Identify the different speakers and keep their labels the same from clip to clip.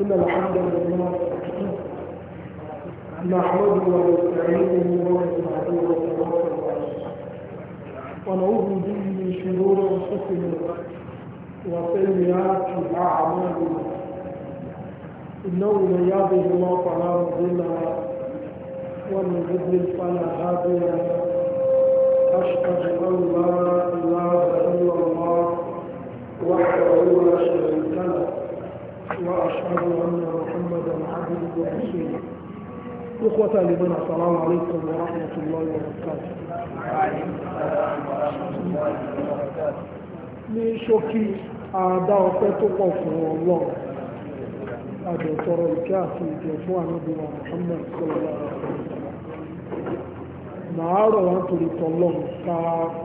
Speaker 1: إن الحمد لله نحمده ونستعينه ونستهديه ونتوكل ونعوذ به من شرور أنفسنا وسيئات أعمالنا إنه من يهده الله فلا مضل له ومن يضلل فلا هادي له أشهد
Speaker 2: أن لا إله إلا الله وحده لا شريك
Speaker 1: له وأشهد أن محمدا عبده ورسوله إخوة لمن السلام عليكم ورحمة الله
Speaker 2: وبركاته
Speaker 1: ní ṣókí àádá ọpẹ́ tó pọ̀ fún ọlọ́run àjọ̀tọ̀rọ̀ ìkẹ́ àti ìjẹ fún àmìbìnà Muhammad sọ́lọ́lá màá rọ̀ wá torí tọ́lọ́run ká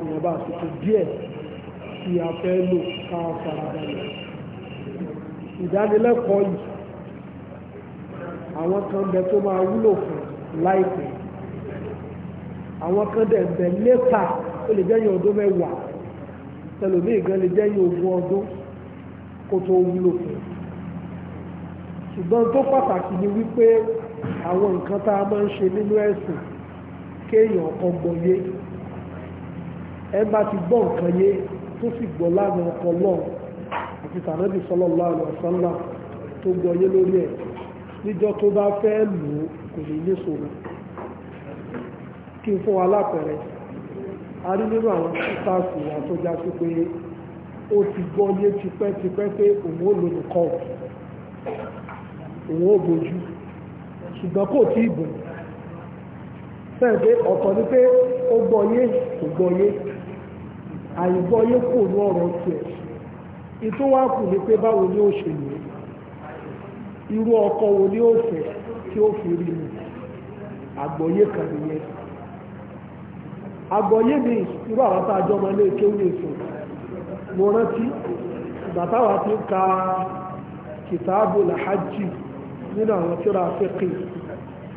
Speaker 1: ìyẹ̀bá àsìkò díẹ̀ tí a fẹ́ lò ká farabalẹ̀ ìdánilẹ́kọ̀ọ́ yìí àwọn kan bẹ tó máa wúlò fún láìpẹ́ àwọn kan dẹ̀ bẹ̀ lépa ó lè jẹ́yìn ọdún mẹ́wàá tẹlomi gan lè jẹ́yìn ogún ọdún kó tó wúlò fún ṣùgbọ́n tó pàtàkì ni wípé àwọn nǹkan tá a máa ń ṣe nínú ẹ̀sìn kéèyàn ọkọ gbọ́yé ẹ bá ti gbọ́ nǹkan yé tó sì gbọ́ lánàá ọkọ lọ́hùn ti tànàbì sallallahu alaihi wasallam tó gbọ́yé lórí ẹ̀ níjọ́ tó bá fẹ́ lò ó kò lè ní sòrò kí n fún wa lápẹẹrẹ a rí nínú àwọn sítáàsì ìyá tó já sí pé ó ti gbọ́yé tipẹ́tipẹ́ pé òun ó lò ní kọ́ọ̀tù òun ó bojú ṣùgbọ́n kò tí ì bùn sẹ́ǹpé ọ̀tọ̀ ni pé ó gbọ́yé kò gbọ́yé àìgbọ́yé kò ní ọ̀rọ̀ tiẹ̀ ìtúwàkù ni pé báwo ni ó ṣe lè irú ọkọ wo ni ó fẹ́ tí ó fi rí mu àgbọ̀yé kan nìyẹn àgbọ̀yé mi irú àwọn tá a jọ ọmọ ilé kéwú mo rántí ìgbà ti ń ka kìtàbù làhájì nínú àwọn tí ó ra fẹ́kì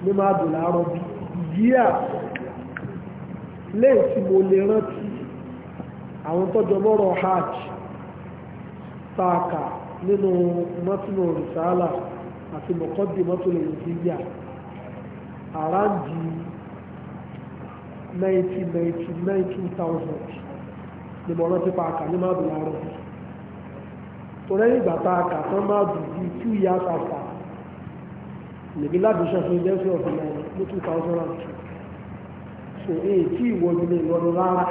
Speaker 1: ní máa dùn láàárọ̀ bí mo lè rántí àwọn mọ́rọ̀ hajj taaka nínú mọ́túnù rìsáàlà àti mọ̀kọ́dì mọ́túnù ìdíyà àráǹdì 1999-2000 ni mo rántí paaka ní má dùn láàárọ̀ torí ẹ̀yìn ìgbà taaka tán má dùn bí two years after lèmi ládùúṣà fún ilé ẹ̀sìn ọ̀dùn náà ní 2002 so èyí tí ìwọ́n ní ìlọrin rárá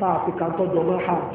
Speaker 1: tá a fi kàńtọ́jọ́ mọ́ hajj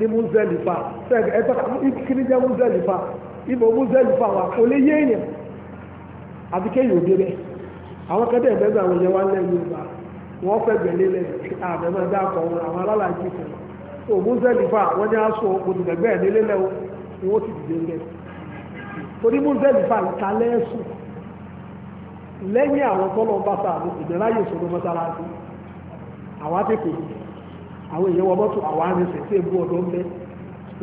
Speaker 1: ní múzẹ́lìfà sẹ́ẹ̀kì ẹ̀tọ́ kíní jẹ́ múzẹ́lìfà ibò múzẹ́lìfà wà kò lè yé èèyàn àti kéèyàn òde rẹ̀ àwọn kẹ́tẹ́ ìgbẹ́gbẹ́ àwọn èèyàn wá ń lẹ́yìn Yorùbá wọ́n fẹ́ gbẹ̀lé lẹ̀ àbẹ̀mọ̀ dákọ̀ wọn àwọn alálàájì kan ò múzẹ́lìfà wọ́n ní aṣọ òdìgbẹ́gbẹ́ ìdílé lẹ̀ o ni wọ́n ti dìde lẹ̀ torí múzẹ́lìfà ìkàlẹ́ ẹ̀sùn lẹ́yìn àwọn tọ́lọ́ bá sáà ìdẹ́láyè sọ̀rọ̀ mọ́sálásí àwọn àtẹ̀kọ̀ọ́ àwọn èèyàn wọ́n mọ́tò àwọn arìnrìn tí èbú ọ̀dọ́ ń bẹ́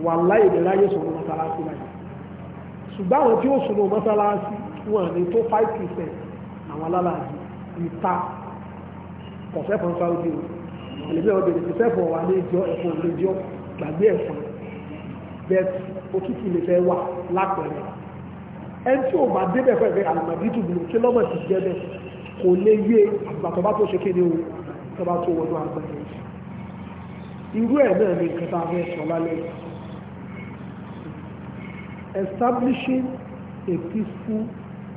Speaker 1: wà láì lè ráyè sọ̀rọ̀ mọ́sálásí láyé ṣùgbọ́n àwọn tí ó sọ̀rọ̀ mọ́sálásí wọn ní tó five percent àwọn alálàájì ìta kọ̀fẹ́ fún sáwọ́dì o ẹlẹ́gbẹ́ ọ̀dẹ̀ ìfẹ́ fún wa ní ìjọ ẹ̀fọ́ ìlẹ́jọ́ gbàgbé ẹ̀fọ́ bẹ́ẹ̀ òtútù lè fẹ́ wà lápẹ̀rẹ̀ ẹni tí ò bá débẹ̀ fẹ́ fẹ́ àlùmọ̀dí tùbùlù kí lọ́mọ̀ ti jẹ́ bẹ́ẹ̀ kò lè yé àgbàtọ́bá tó ṣe kéde o tọ́bá tó wọnú àgbẹ̀rẹ̀ irú ẹ̀ náà ni nǹkan tá a fẹ́ sọ lálẹ́ establishing a peaceful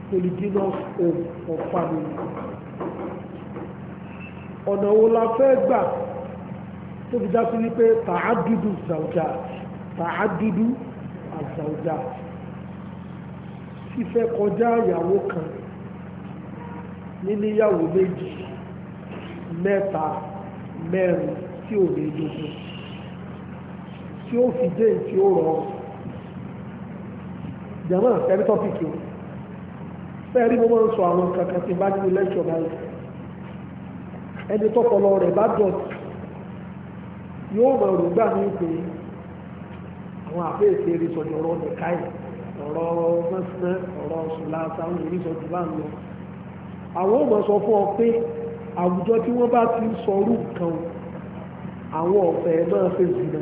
Speaker 1: polygynous home for family ọ̀nà wo la fẹ́ gbà tó fi já sí wípé tàádùdù zàwùjà tàádùdù àzàwùjà fífẹ́ kọjá ìyàwó kan níníyàwó méjì mẹ́ta mẹ́rin tí ò ní dogun tí ó fi dé tí ó rọrùn jama ẹni tọ́pìkì o fẹ́ẹ̀rí mo máa ń sọ àwọn kankan tí bá nínú lẹ́kṣọ̀ báyìí ẹni tọ́pọlọ rẹ̀ bá dọ̀tí yóò mọ̀ ọ̀rọ̀ gbà ní pé àwọn àfẹ́ẹ̀sẹ̀ erisọ̀jọ̀ ọ̀rọ̀ nìkáì ọ̀rọ̀ mọ́sánná ọ̀rọ̀ ṣùlásá ń erisọ̀jọ̀ bá ń lọ àwọn ò mọ̀ sọ fún ọ pé àwùjọ tí wọ́n bá ti sọ orú nǹkan àwọn ọ̀fẹ́ náà fẹ́ zìnà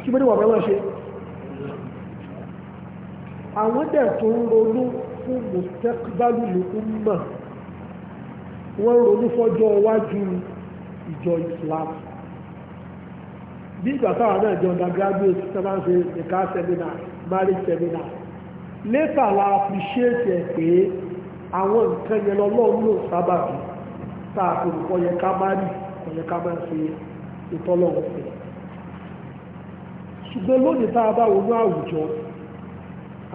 Speaker 1: kí mọ́ ní wọ̀n mẹ́wọ́n ṣe àwọn dẹ̀ tó ń ronú fún mùsẹ́kbálù lùkún mọ̀ wọ́n ronú fọ́jọ́ iwájú ìjọ Islam bí ìgbà táwọn náà jọ undergraduate tó máa ń ṣe nìkan seminar marriage seminar later la appreciate ẹ̀ pé àwọn nǹkan yẹn lọ́lọ́run ló sábàbí tá a kò rò pọ̀ yẹ ká má rí i kò yẹ ká máa ṣe ìtọ́lọ́wọ́ fẹ́ ṣùgbọ́n lónìí tá a bá wọnú àwùjọ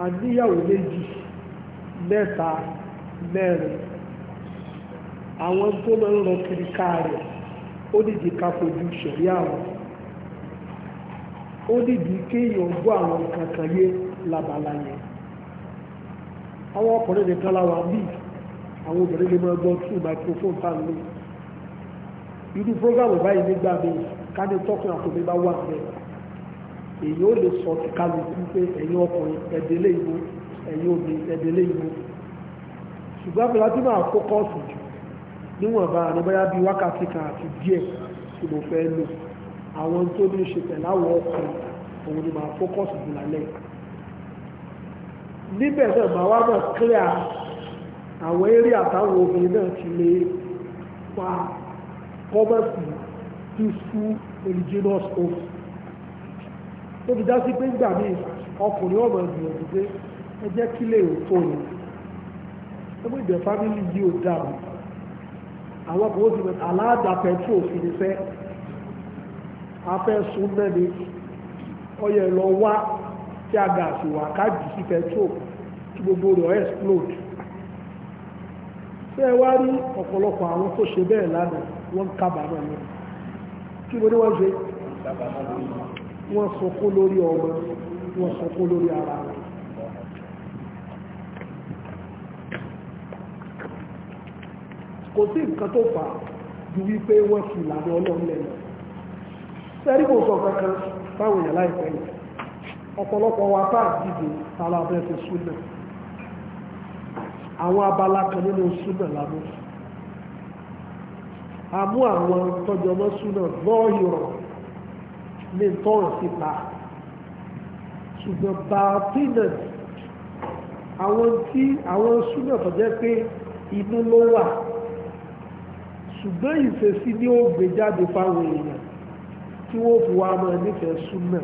Speaker 1: a níyàwó méjì mẹ́ta mẹ́rin àwọn tó máa ń lọ kiri káà rẹ̀ ó dìde ká fojú ṣẹ̀rí àwọn ó dìde kéèyàn gbọ́ àwọn nǹkan kan yé labala yẹn àwọn ọkùnrin nìkan láwa bíi àwọn obìnrin lè máa gbọ́ two microphone tá a lò irú fúrógámù báyìí nígbà mi káde tọ́kùn àkùnrin bá wà bẹ́ẹ̀ èyí ó lè sọ ti kálukú pé ẹ̀yin ọkùnrin ẹ̀dẹ́lẹ́ ìwò ẹ̀yin obìnrin ẹ̀dẹ́lẹ́ ìwò ṣùgbọ́n àbúrò láti máa kó kọ́ọ̀sì jù níwọ̀nba àníbáyá bíi wákàtí kan àti díẹ̀ tí mo fẹ́ lò àwọn tó ní ṣe pẹ̀lú àwọn ọkùnrin òun ni máa fókọ́sì jù lálẹ́ níbẹ̀ náà máa wá mọ̀ kílíà àwọn eré àtàwọn obìnrin náà ti lè pa covers the peaceful religious oath tó fi dá sí pé gbà mí ọkùnrin ọmọ ìgbìyànjú pé ẹ jẹ́ kílẹ̀ òtó ni ẹgbẹ́ ìgbẹ́ fámìlì yìí ò dáa àwọn kò sì mọ̀ aláàdá pẹ̀tró òfin fẹ́ afẹ́ sún mẹ́ni ọyẹ lọ wá tí a gà sí wà ká jì sí pẹ̀tró kí gbogbo rẹ̀ explode fẹ́ wá rí ọ̀pọ̀lọpọ̀ àwọn tó ṣe bẹ́ẹ̀ lánàá wọ́n kábàámọ̀ ní kí wọ́n ní wọ́n ṣe wọ́n sọkó lórí ọmọ wọ́n sọkó lórí ara wọn kò sí nǹkan tó fà ju wípé wọ́n fi ìlànà ọlọ́run lẹ́nu sẹ́rí kò sọ kankan fáwọn èèyàn láìpẹ́ yìí ọ̀pọ̀lọpọ̀ wa bá dìde tààlà abẹ́ fi súnà àwọn abala kan nínú súnà lábẹ́ àmú àwọn tọ́jọmọ́ súnà lọ́ọ̀yọ̀ ní tọ́rọ̀ síta ṣùgbọ́n bàtínà àwọn tí àwọn súnà tọ́jẹ́ pé inú ló wà ṣùgbọ́n ìfèsí ní ó gbé jáde fáwọn èèyàn tí wọ́n fi wá máa nífẹ̀ẹ́ súnà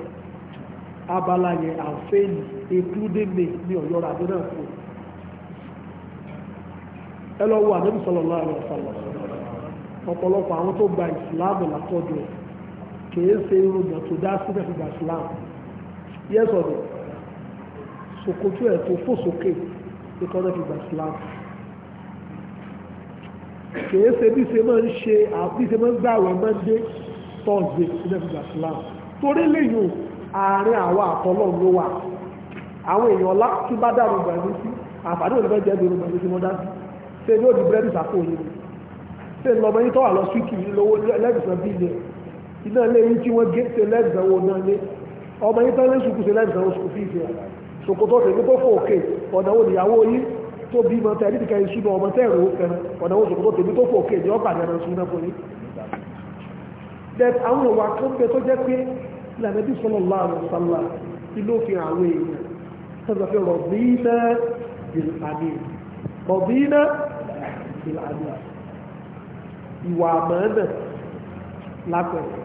Speaker 1: abala yẹn àfẹ́yìn ètúndémè ní ọ̀yọ́ ràdó náà fún ẹ lọ wo àdébùsọ̀lọ́lá àwọn ọ̀sán lọ́sọ̀rọ̀ ọ̀pọ̀lọpọ̀ àwọn tó gba ìsìláàmù látọ̀dọ̀ ẹ̀ kìí ṣe irúgbọ̀n tó dá síbẹ̀ fún ìsìláàmù yes or no ṣòkòtò ẹ̀ tó fò sókè ìkọ́nà fún ìsìláàmù kìí ṣe bí ṣe máa ń ṣe àbí ṣe máa ń gbà wẹ̀ máa ń dé tọ́ọ̀dé síbẹ̀ fún ìsìláàmù torí lẹ́yìn àárín àwọn àtọ́lọ́ ló wà àwọn èèyàn ọlá tí bá dàrú gbàgbé sí àǹfààní òní fẹ́ ṣe lọ́mọ yín tó wà lọ síkì yín lówó lẹ́gbẹ̀sán bílíọ̀n iná ilé yín tí wọ́n gé ṣe lẹ́gbẹ̀sán wo náà lé ọmọ yín tán lé sùkú ṣe lẹ́gbẹ̀sán wo sùkú fífi rà ṣòkòtò tèmi tó fò òkè ọ̀nà wo nìyàwó yín tó bí mọ tẹ̀lé ìdíkà iṣu náà ọmọ tẹ̀rù fẹ́ràn ọ̀nà wo ṣòkòtò tèmi tó fò òkè ní ọ̀pá àdàrà iṣu náà fún yín. àwọn ìwà kan bẹ tó jẹ́ pé ìlànà bí sọlọ lọ àwọn sálà ilé òfin àwọn èèyàn sọ́dọ̀ fi rọ̀bìnà bìlàmì rọ̀bìnà bìlàmì ìwà àmọ́ẹ̀dẹ̀ lápẹ̀rẹ̀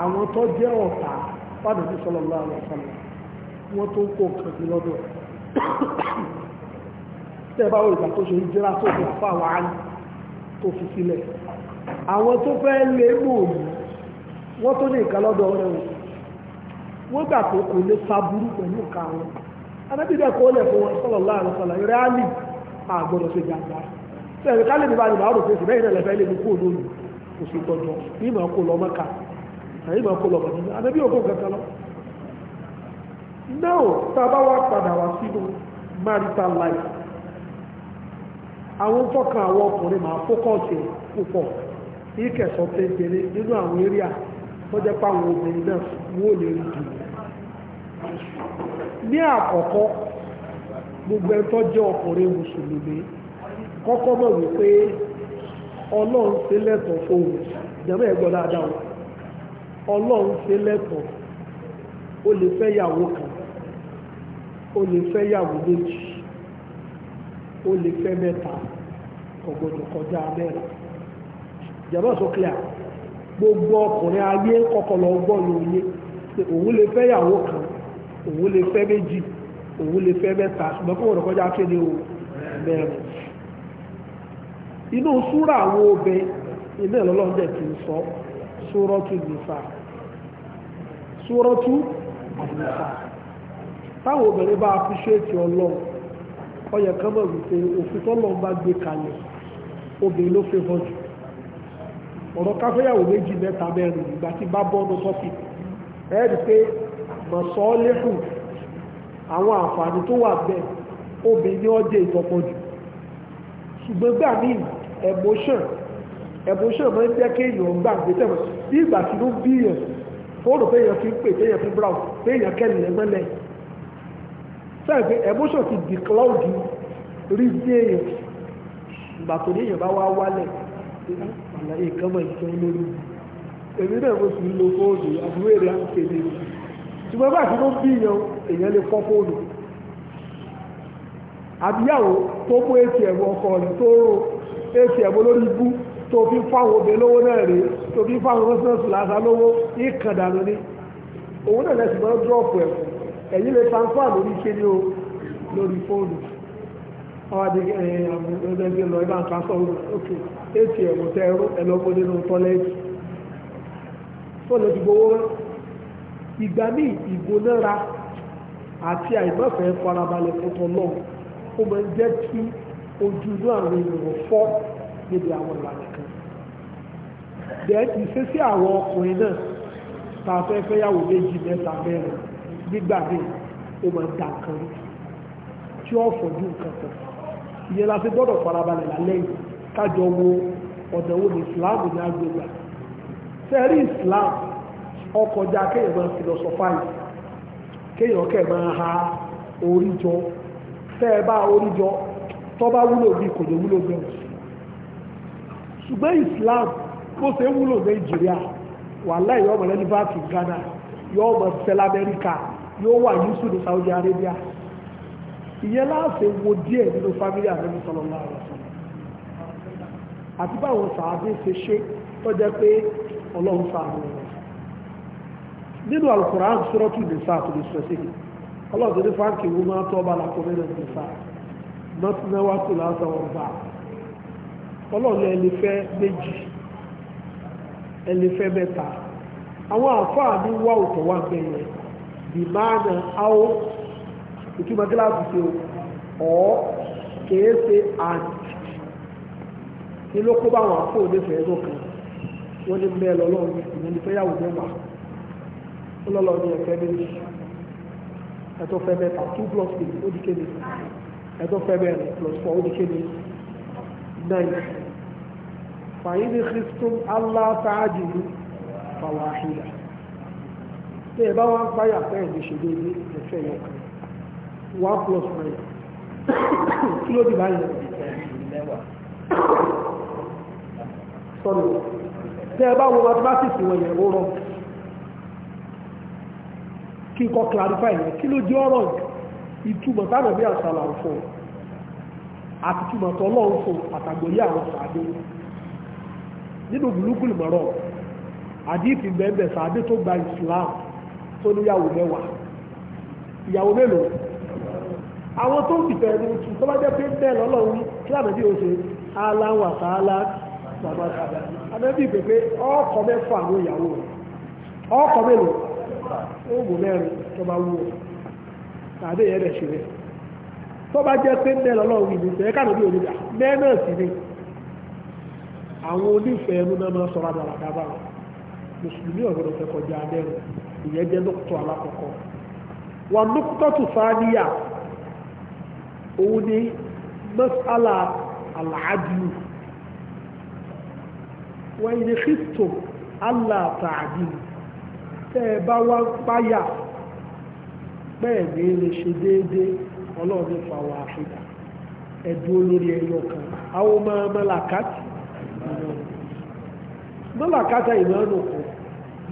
Speaker 1: àwọn tó jẹ́ ọ̀tá pàdé ní sallallahu alaihi wasallam wọ́n tó kó kẹ̀kẹ́ lọ́dọ̀ tẹ́bá òrìgbà tó ṣe ìjírá tó fi àfà wà ní tó fi sílẹ̀ àwọn tó fẹ́ lè mò ní wọ́n tó ní ìka lọ́dọ̀ rẹ̀ wọ́n gbà tó kò lè saburú pẹ̀lú ìka wọn adábídẹ́kọ́ lẹ̀ fún wọn sallallahu alaihi wasallam rẹ́álì àgbọ̀dọ̀ ṣe jàǹdà ẹ̀rẹ̀ ká lè ní báyìí máa rò pé ṣùgbọ́n ìrẹ̀lẹ̀ lè ní kó lórí oṣù tọ́jọ́ ní ìmọ̀ kó lọ mọ́ka máa kó lọ àbẹ́bí òkú lọ. náà tá a bá wá padà wá sínú marital life àwọn fọ́kàn àwọn ọkùnrin máa fókọ̀sì púpọ̀ ìkẹsọ̀ nínú àwọn eré à jẹ́ obìnrin náà wó lè rí ní àkọ́kọ́ gbogbo ọkùnrin mùsùlùmí kọ́kọ́ mọ̀ wípé ọlọ́run ṣe lẹ́tọ̀ọ́ fóun ìjọba ẹ̀ gbọ́ dáadáa o ọlọ́run ṣe lẹ́tọ̀ọ́ o lè fẹ́ yàwó kan o lè fẹ́ yàwó méjì o lè fẹ́ mẹ́ta kò gbọdọ̀ kọjá mẹ́rin ìjọba sọ clear gbogbo ọkùnrin ayé kọ́kọ́ lọ gbọ́ lóye pé òun lè fẹ́ yàwó kan òun lè fẹ́ méjì òun lè fẹ́ mẹ́ta ṣùgbọ́n kó wọ́n kọjá kéde o mẹ́rin. inú súrà àwọn obẹ ilé ìlọ́lọ́run ti sọ súrọ́tù nìfà súrọ́tù nìfà táwọn obìnrin bá fi ọlọ́run ọyẹ kan mọ̀ wípé òfin tọ́lọ́run bá gbé kalẹ̀ obìnrin ló fẹ́ hàn jù ọ̀rọ̀ káfíyàwó méjì mẹ́ta mẹ́rin ìgbà tí bá bọ́ọ̀nù tọ́pì ẹ̀ẹ́dì pé mọ̀sọ́ọ́lẹ́hùn àwọn àǹfààní ni jẹ́ ìtọ́pọ̀ jù ṣùgbọ́n gbà emotion emotion máa ń jẹ́ kí èèyàn gbà gbé tẹ̀wọ̀ bí ìgbà tí ló bí èèyàn fóònù péèyàn fi ń pè péèyàn fi brown péèyàn kẹ́lì ẹ̀ mọ́lẹ̀ sẹ́yìn pé emotion ti di cloud rí sí èèyàn ìgbà tó ní èèyàn bá wá wálẹ̀ ah, àlàyé kan mọ̀ ìjọ lórí èmi náà mo sì ń lo fóònù àbúrò èrè àwọn kéde ṣùgbọ́n bá ti ló bí èèyàn èèyàn lè fọ́ fóònù àbíyàwó tó mú atm ọkọ rẹ̀ tó rò atm olórí ibú tó fi fáwọn obìnrin lówó náà rèé tó fi fáwọn rọ́sẹ̀sì làásà lówó ìkàndànù ni òun náà lẹ́sìn máa ń dúrọ̀pù ẹ̀ ẹ̀yìn lè sanfà lórí ṣe ní o lórí fóònù ọwádìí ẹ̀yìn àwọn ẹgbẹ́ lọ ibà ń transfer òkè atm tẹ ẹrú ẹlọ́gbọ́n nínú tọ́lẹ́ẹ̀tì fóònù ti gbowó rán ìgbà míì ìgbónára àti àìmọ́fẹ́ farabalẹ̀ fọ́tọ̀ náà ó máa ń jẹ́ ojúlú àwọn ènìyàn fọ́ níbi àwọn ìlànà kan bẹ́ẹ̀ ti ṣe sí àwọn ọkùnrin náà ta fẹ́ fẹ́ yàwó méjì mẹ́ta mẹ́rin nígbà míì ó máa ń da nǹkan rí tí ó fọ̀jú nǹkan kan ìyẹn la fi gbọ́dọ̀ farabalẹ̀ lálẹ́ yìí kájọ wo ọ̀dọ̀ wo ni Islam ní agbègbè sẹ́rí Islam ọkọjá kéèyàn máa philosophize kéèyàn kẹ́ máa ha oríjọ tẹ́ ẹ bá oríjọ tó bá wúlò bí kò lè wúlò bí ọ̀sùn ṣùgbọ́n Islam bó ṣe wúlò Nàìjíríà wàláhì yóò mọ̀ relevant in Ghana yóò mọ̀ sẹ́lá Amẹ́ríkà yóò wà yusuf ní Saudi Arabia ìyẹn láàṣẹ wo díẹ̀ nínú family àrẹ́mí sallallahu alaihi wasallam àti báwọn sàádé ṣe ṣe tó jẹ́ pé ọlọ́run sàádé wọn nínú Al-Qur'an suratul Nisa to be specific ọlọ́run tó ní fáńkì wọn máa tọ́ bá làkọ́ nìsáà lọ́tínáwá tó látàwọn bá ọlọ́run ẹni fẹ́ méjì ẹni fẹ́ mẹ́ta àwọn àfáà ní wá òtò wà bẹ́yẹn bí máa na áwó ìtumọ̀ gíláàsì ṣe ọ̀ kìí ṣe àǹtí ní ló kó báwọn àfọ onífẹ̀ẹ́ ẹ̀dọ́ kan wọ́n ní bẹ́ẹ̀ lọ́lọ́run ìyẹn ní fẹ́yàwó mẹ́wàá ó lọ́lọ́run ní ẹ̀fẹ́ méjì ẹ̀tọ́ fẹ́ mẹ́ta two plus three ó di kéde ẹ̀tọ́ fẹ́ bẹ́ẹ̀ plus four ó di kéde nine fàyín ní kristum allah taájú fàwọn àhìlá tí ẹ bá wá ń fáyà fẹ́ ẹ̀dẹ̀ ṣèdéédé ẹ̀fẹ́ yẹn kan one plus nine kí ló dì báyìí sọ́nù tí ẹ bá wo mathematics wọn yẹn ó rọ kí n kọ́ clarify yẹn kí ló di ọ̀rọ̀ yìí. ìtumọ̀ táwọn bí àṣàlà ń àti ìtumọ̀ tó lọ́wọ́ fún àtàgbòyé àwọn sàádé nínú gbùlúgbùlù mọ̀rọ̀ àdífì bẹ́ẹ̀ sàádé tó gba Islam tó níyàwó mẹ́wàá ìyàwó mélòó àwọn tó dìfẹ́ ní oṣù tó bá jẹ́ pé bẹ́ẹ̀ lọ́lọ́run ní kí tàbí èèyàn rẹ̀ ṣe rẹ̀ tó bá jẹ́ pé bẹ́ẹ̀ lọ́lọ́run ìlú tẹ̀ káàdì bí òní bẹ́ẹ̀ náà àwọn onífẹ̀ẹ́ ẹnu náà máa sọ̀rọ̀ àdàrà dábà mùsùlùmí ọ̀gbọ́dọ̀ fẹ́ kọjá abẹ́rẹ́ ìyẹn jẹ́ alákọ̀ọ́kọ́ wà lọ́kùtọ̀tù fàníyà òun ni mọ́sálà kristo allah tẹ́ ẹ bá wá ń páyà bẹ́ẹ̀ ní lè ṣe déédé ọlọ́run fa wà àfihàn ẹ̀dùn olórí ẹyọ kan àwọn ọmọ mọ́làkátì mọ́làkátà ìmọ̀ọ́nù kan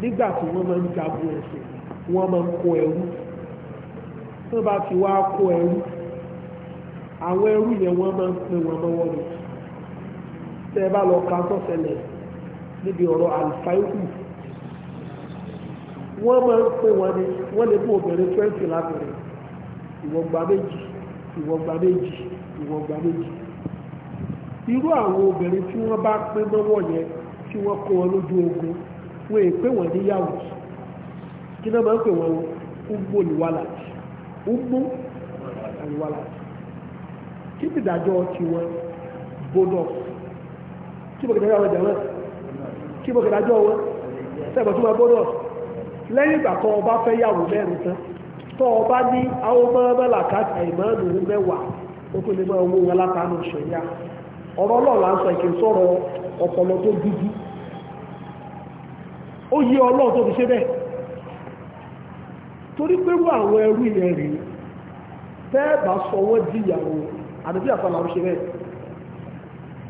Speaker 1: nígbà tí wọ́n máa ń jagun ẹ̀sìn wọ́n máa ń kó ẹrú tó bá ti wá kó ẹrú àwọn ẹrú yẹn wọ́n máa ń pè wọ́n lọ́wọ́ rẹ̀ tẹ́ ẹ bá lọ ka tó ṣẹlẹ̀ níbi ọ̀rọ̀ àlùfáìkù wọ́n máa ń pè wọ́n ni wọ́n lè fún obìnrin twenty lábẹ́rẹ́ ìwọ̀gbà méjì ìwọ̀gbà méjì ìwọ̀gbà méjì irú àwọn obìnrin tí wọ́n bá pín mọ́wọ́ yẹn tí wọ́n kó wọn lójú ogun wọ́n è pè wọ́n níyàwó kí náà máa ń pè wọ́n ugbó níwàlàjì ugbó níwàlàjì kí ni ìdájọ́ ti wọn gbódọ̀ kí bọ̀kìdájọ́ wọn jẹ́ wọn kí bọ̀kìdájọ́ wọn sẹ́gbọ̀n tó máa gbódọ̀ lẹ́yìn ìgbà tó ọba fẹ́ yàwó mẹ́rin tán tó ọba ní àwọn mọ́ọ́mọ́lá káàkiri mẹ́wàá ó tó lè máa owó wọn látàánú ìṣẹ̀yà ọ̀rọ̀ náà là ń sọ ìkè sọ̀rọ̀ ọpọlọ tó dúdú ó yí ọlọ́run tó fi ṣe bẹ́ẹ̀ torí pé wọ́n àwọn ẹrú ilẹ̀ rí tẹ́ẹ̀bà sọ wọ́n díyàwó àdúgbò àtàlà ń ṣe bẹ́ẹ̀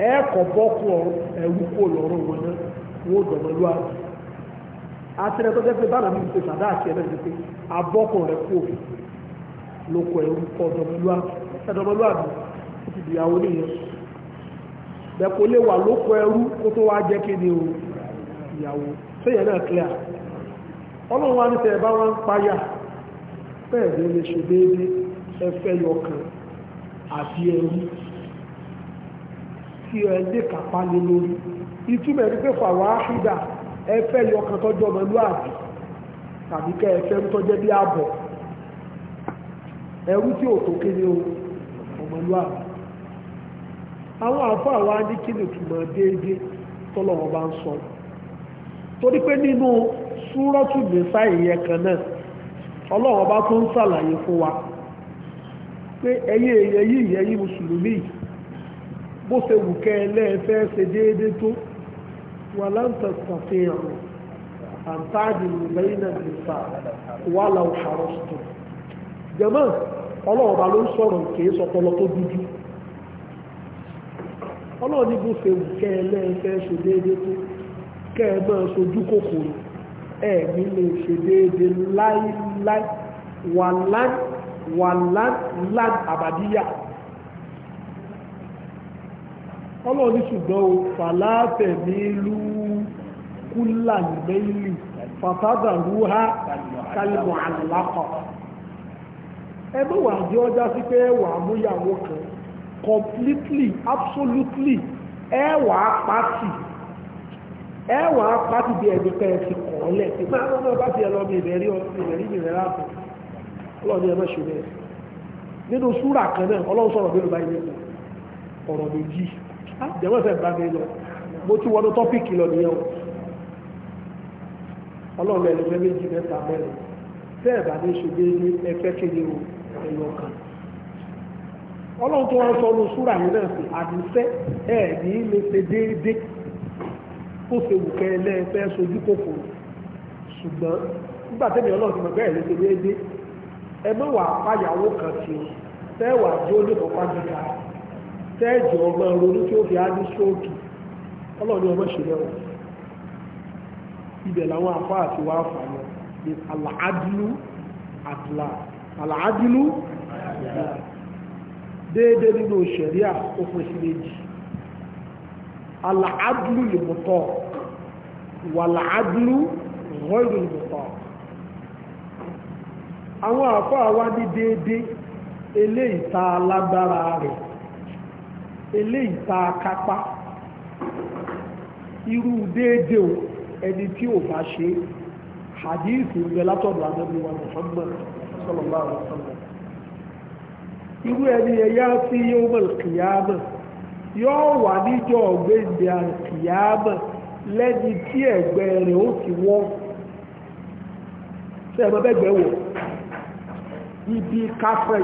Speaker 1: ẹ̀ẹ́kọ̀ bọ́kù ẹ̀wù kò lọ́rùn wọn náà wọ́n dọ̀mọ́lúwàbí àti rẹ tó jẹ́ pé bánà mi ń pèsè àdá àti ẹ̀rẹ́ ìdíje abọ́kùn rẹ kú lóko ẹ̀rú kọ́ ẹ̀dọ̀mọlúwàbí ó ti dìyàwó nìyẹn bẹ́ẹ̀ kò lè wà lóko ẹ̀rú kó tó wá jẹ́ kí ni o ìyàwó sẹ́yìn náà clear ọlọ́run wa ní tẹ̀ bá wọn ń payà bẹ́ẹ̀ ni lè ṣe déédéé ẹfẹ́ yọkàn àti ẹrú tí ẹ lè kápá lé lórí ìtumọ̀ ẹni pé fàwọn áṣídà ẹ fẹ́ yọ ọkàn tọ́jú ọmọlúwàbí tàbí kẹ́ ẹ fẹ́ bí abọ ẹrú tí ò tó kéde o ọmọlúwàbí àwọn àfọ àwọn adíkìlì tùmọ̀ déédé tọ́lọ̀ wọn bá ń sọ torí pé nínú súrọ́tù nìsa ìyẹn kan náà wa pé yìí mùsùlùmí bó ṣe wù kẹ́ ولن تستطيعوا أن تعدلوا بين النساء ولو حرصتم جماعة ọlọ́run bá ló ń sọ̀rọ̀ kìí sọpọlọ tó dúdú ọlọ́run ní bó ṣe wù kẹ́ ẹ lẹ́ẹ̀fẹ́ ṣe déédéé tó kẹ́ ẹ máa ṣojú kòkòrò ẹ̀mí lè ṣe déédéé láíláí wàlán wàlán lán àbàdíyà ọlọ́run ní ṣùgbọ́n o fàlàtẹ̀ ní ìlú kúlà mẹ́lì fàtàdà rúhá kálímọ̀ àlàkọ̀ ẹgbẹ́ wà jẹ́ ọjà sí pé wà múyàwó kan completely absolutely ẹ wà á pàtì ẹ wà á pàtì bí ẹni pé ẹ ti kọ̀ ọ́ lẹ̀ nígbà wọn náà bá ti ẹ lọ bí ìbẹ̀rí ìbẹ̀rí ìbẹ̀rẹ̀ láàbù ọlọ́run ní ẹ má ṣe bẹ́ẹ̀ nínú súrà kan náà ọlọ́run sọ̀rọ̀ mélòó báyìí ọ̀rọ̀ méjì jẹ́wọ́sẹ̀ bá mi lọ mo tún wọnú tọ́pìkì lọ nìyẹn o ọlọ́run ẹni fẹ́ méjì mẹ́ta mẹ́rin bẹ́ẹ̀ bá ní ṣe déédéé ẹfẹ́ kéde o ẹ̀yọ kan ọlọ́run tó wá sọ ọ́nù súrà yìí náà sí àdìsẹ́ ẹ̀ ní lè ṣe déédéé kó ṣe wù kẹ́ ẹlẹ́ẹ̀fẹ́ sojú kòkòrò ṣùgbọ́n nígbà tẹ́mi ọlọ́run ti mọ̀ bẹ́ẹ̀ lè ṣe déédéé ẹ mọ̀ wà pàyàwó kan sí o fẹ́ wà jó ní kọ̀ọ̀kan tẹ́ẹ̀jì ọmọ ronú tí ó fi á ní sóòkì ọlọ́run ọmọ ìṣẹ̀lẹ̀ wọn ibẹ̀ làwọn afá àti wá fà ní àlàádìlú àtìlà àlàádìlú déédéé nínú ìṣẹ̀ríà ó pín sí méjì àlàádìlú ìmùtọ̀ wàlàádìlú rọ́ìlú ìmùtọ̀ àwọn afá wa ní déédéé eléyìí tá a rẹ̀ eléyìí tá a kápá irú déédéé o ẹni tí ò bá ṣe hadith ń bẹ látọ̀dọ̀ àdébí wa Muhammad sallallahu alaihi wasallam irú ẹni ẹ̀yà sí yawmal qiyamah yóò wà níjọ́ ọ̀gbẹ́ndẹ̀ àkìyàmọ̀ lẹ́ni tí ẹ̀gbẹ́ rẹ̀ ó ti wọ́ ṣe ẹ̀mọ́ bẹ́gbẹ́ wọ̀ ibi káfẹ́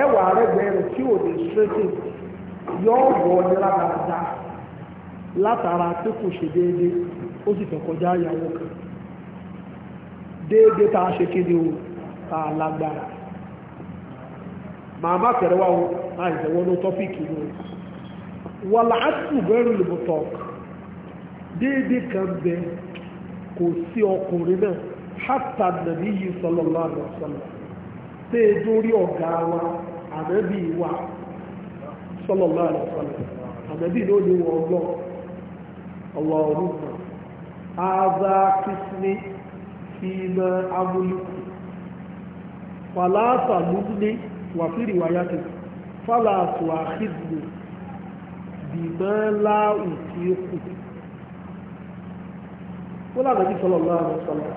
Speaker 1: ẹ̀wà rẹ̀gbẹ́ rẹ̀ tí ò ní ṣẹ́kẹ̀ẹ́ yóò wọ nira dáadáa látara pé kò ṣe déédéé ó sì fẹ́ kọjá ìyàwó kan déédéé tá a ṣe kéde o tá a lágbára màmá kẹrẹ wa o àìsẹ̀wọ́nú tọ́pìkì ni o wà láàtù bẹ́rù lùbùtọ̀ déédéé kan bẹ kò sí ọkùnrin náà hátà nàbí yìí sallallahu alaihi wasallam tẹ́ ọ̀gá wa ànábì wa sọ́lọ̀lá àlẹ́sọ́lẹ̀ àmẹ́bí ló ní wọ ọgbọ́ ọwọ́ orúkọ áza kìsìní fi mọ́ amúlùkù fàlàáfà múlé wàfírí wáyàtì fàlàáfù àkìsìní bìmọ́ láàrù tí ó kù ó lànàbí sọ́lọ̀lá àlẹ́sọ́lẹ̀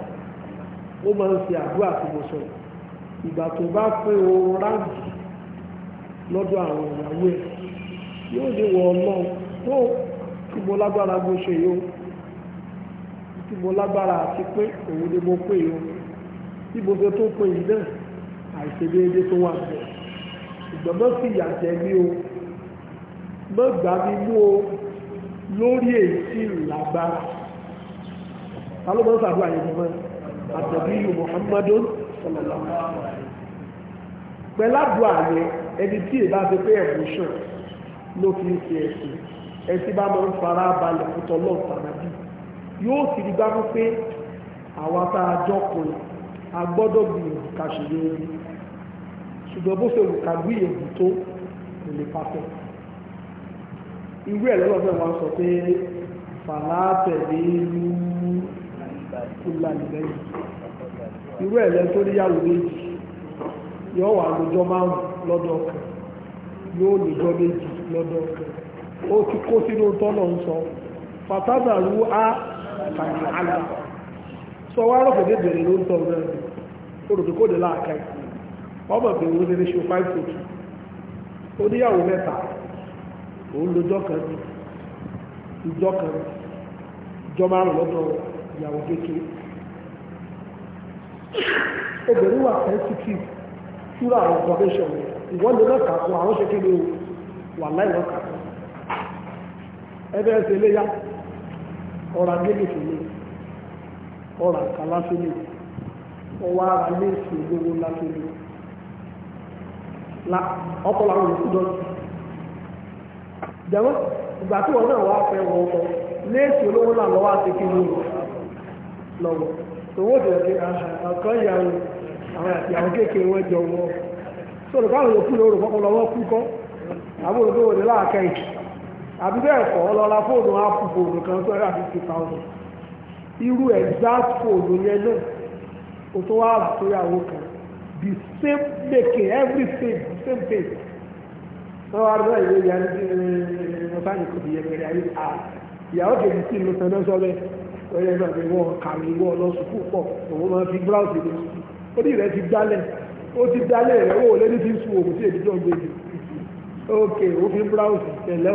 Speaker 1: ó máa ń fi àdúrà tí mo sọ ìgbà tó bá pé o ráǹdì lọ́dọ̀ àwọn ìyàwó ẹ̀ yóò ní wọ ọlọ́run tó tí mo lágbára mo ṣe yóò tí mo lágbára àti pé òun ni mo pè yóò tí mo fẹ́ tó pè yìí náà àìṣedéédé tó wà bẹ́ẹ̀ ṣùgbọ́n mọ́ sí ìyà jẹ mí o mọ́ gbà mí mú o lórí èyí tí lágbára ta ló mọ́ sàdúrà yẹn mọ́ àtẹ̀bí Muhammadu sallallahu alaihi pẹ̀lú àdúrà yẹn ẹni tí èbá fi pé ẹ̀mú ṣàn ló fi ń ṣe ẹ̀sìn ẹtí bá máa ń fara balẹ̀ fútọ́ lọ́ọ̀ yóò sì rí gbámú pé àwa tá a jọ kùnrin a gbọ́dọ̀ gbìyànjú ká ṣe lórí ṣùgbọ́n bó ṣe wùkà gbìyànjú tó kò lè pàṣẹ irú ẹ̀ lọ́lọ́fẹ́ wa sọ pé fàlàtẹ̀lé lú ìlànìlẹ́yìn irú ẹ̀ lẹ́ tó níyàwó méjì yóò wà lójọ́ márùn-ún lọ́dọ̀ yóò lójọ́ méjì lọ́dọ̀ ó ti kó sínú tọ́lọ̀ ń sọ fàtàdà rú á àlà sọ wá rọ̀ fèdè ló ń tọ́ rẹ̀ olùdókòdè láàká ọmọ bèrè ó lè ṣe five foot oníyàwó mẹ́ta òun lójọ́ kan ní ìjọ kan ìjọ lọ́dọ̀ ìyàwó obìnrin wà sensitive foundation ìwọ́n lè mẹ́ta àwọn ṣe wàhálà ìwọ̀n kà ẹbẹ̀ ẹsẹ̀ léyà ọ̀rọ̀ agbélé fèlè ọ̀rọ̀ àkàlà ara lé èsì olówó ńlá fèlè ọpọlọ àwọn olùkúdọ̀ ìgbà tí náà wà fẹ́ wọ́n ọkọ̀ lé èsì àti àwọn àti àwọn jọ káwọn kú àbúrò tó wò ní láàkẹ́ ìkì àbí bẹ́ẹ̀ kọ́ ọlọ́lá fóònù áàpù fóònù kan tó rà fifty thousand irú exact fóònù yẹn náà o tó wá àbútóyàwó kan the same make everything the same thing wọ́n wá rẹ̀ ìwé ìyá ní ọ̀sán yìí kò fi yẹ kẹrẹ ayé à ìyàwó kejì sí ìlú tẹ̀lé sọ́lẹ̀ ọ̀yẹ́ náà ni wọ́n kàwé wọ́n lọ sùkú pọ̀ òun máa fi bíráùsì lọ ó ní rẹ̀ ti dálẹ̀ ó ti dálẹ̀ rẹ̀ wọ́n ò lé ní ti sùn òun sí èdè tó ń gbé jù ókè òfin bráùsì tẹ̀lẹ́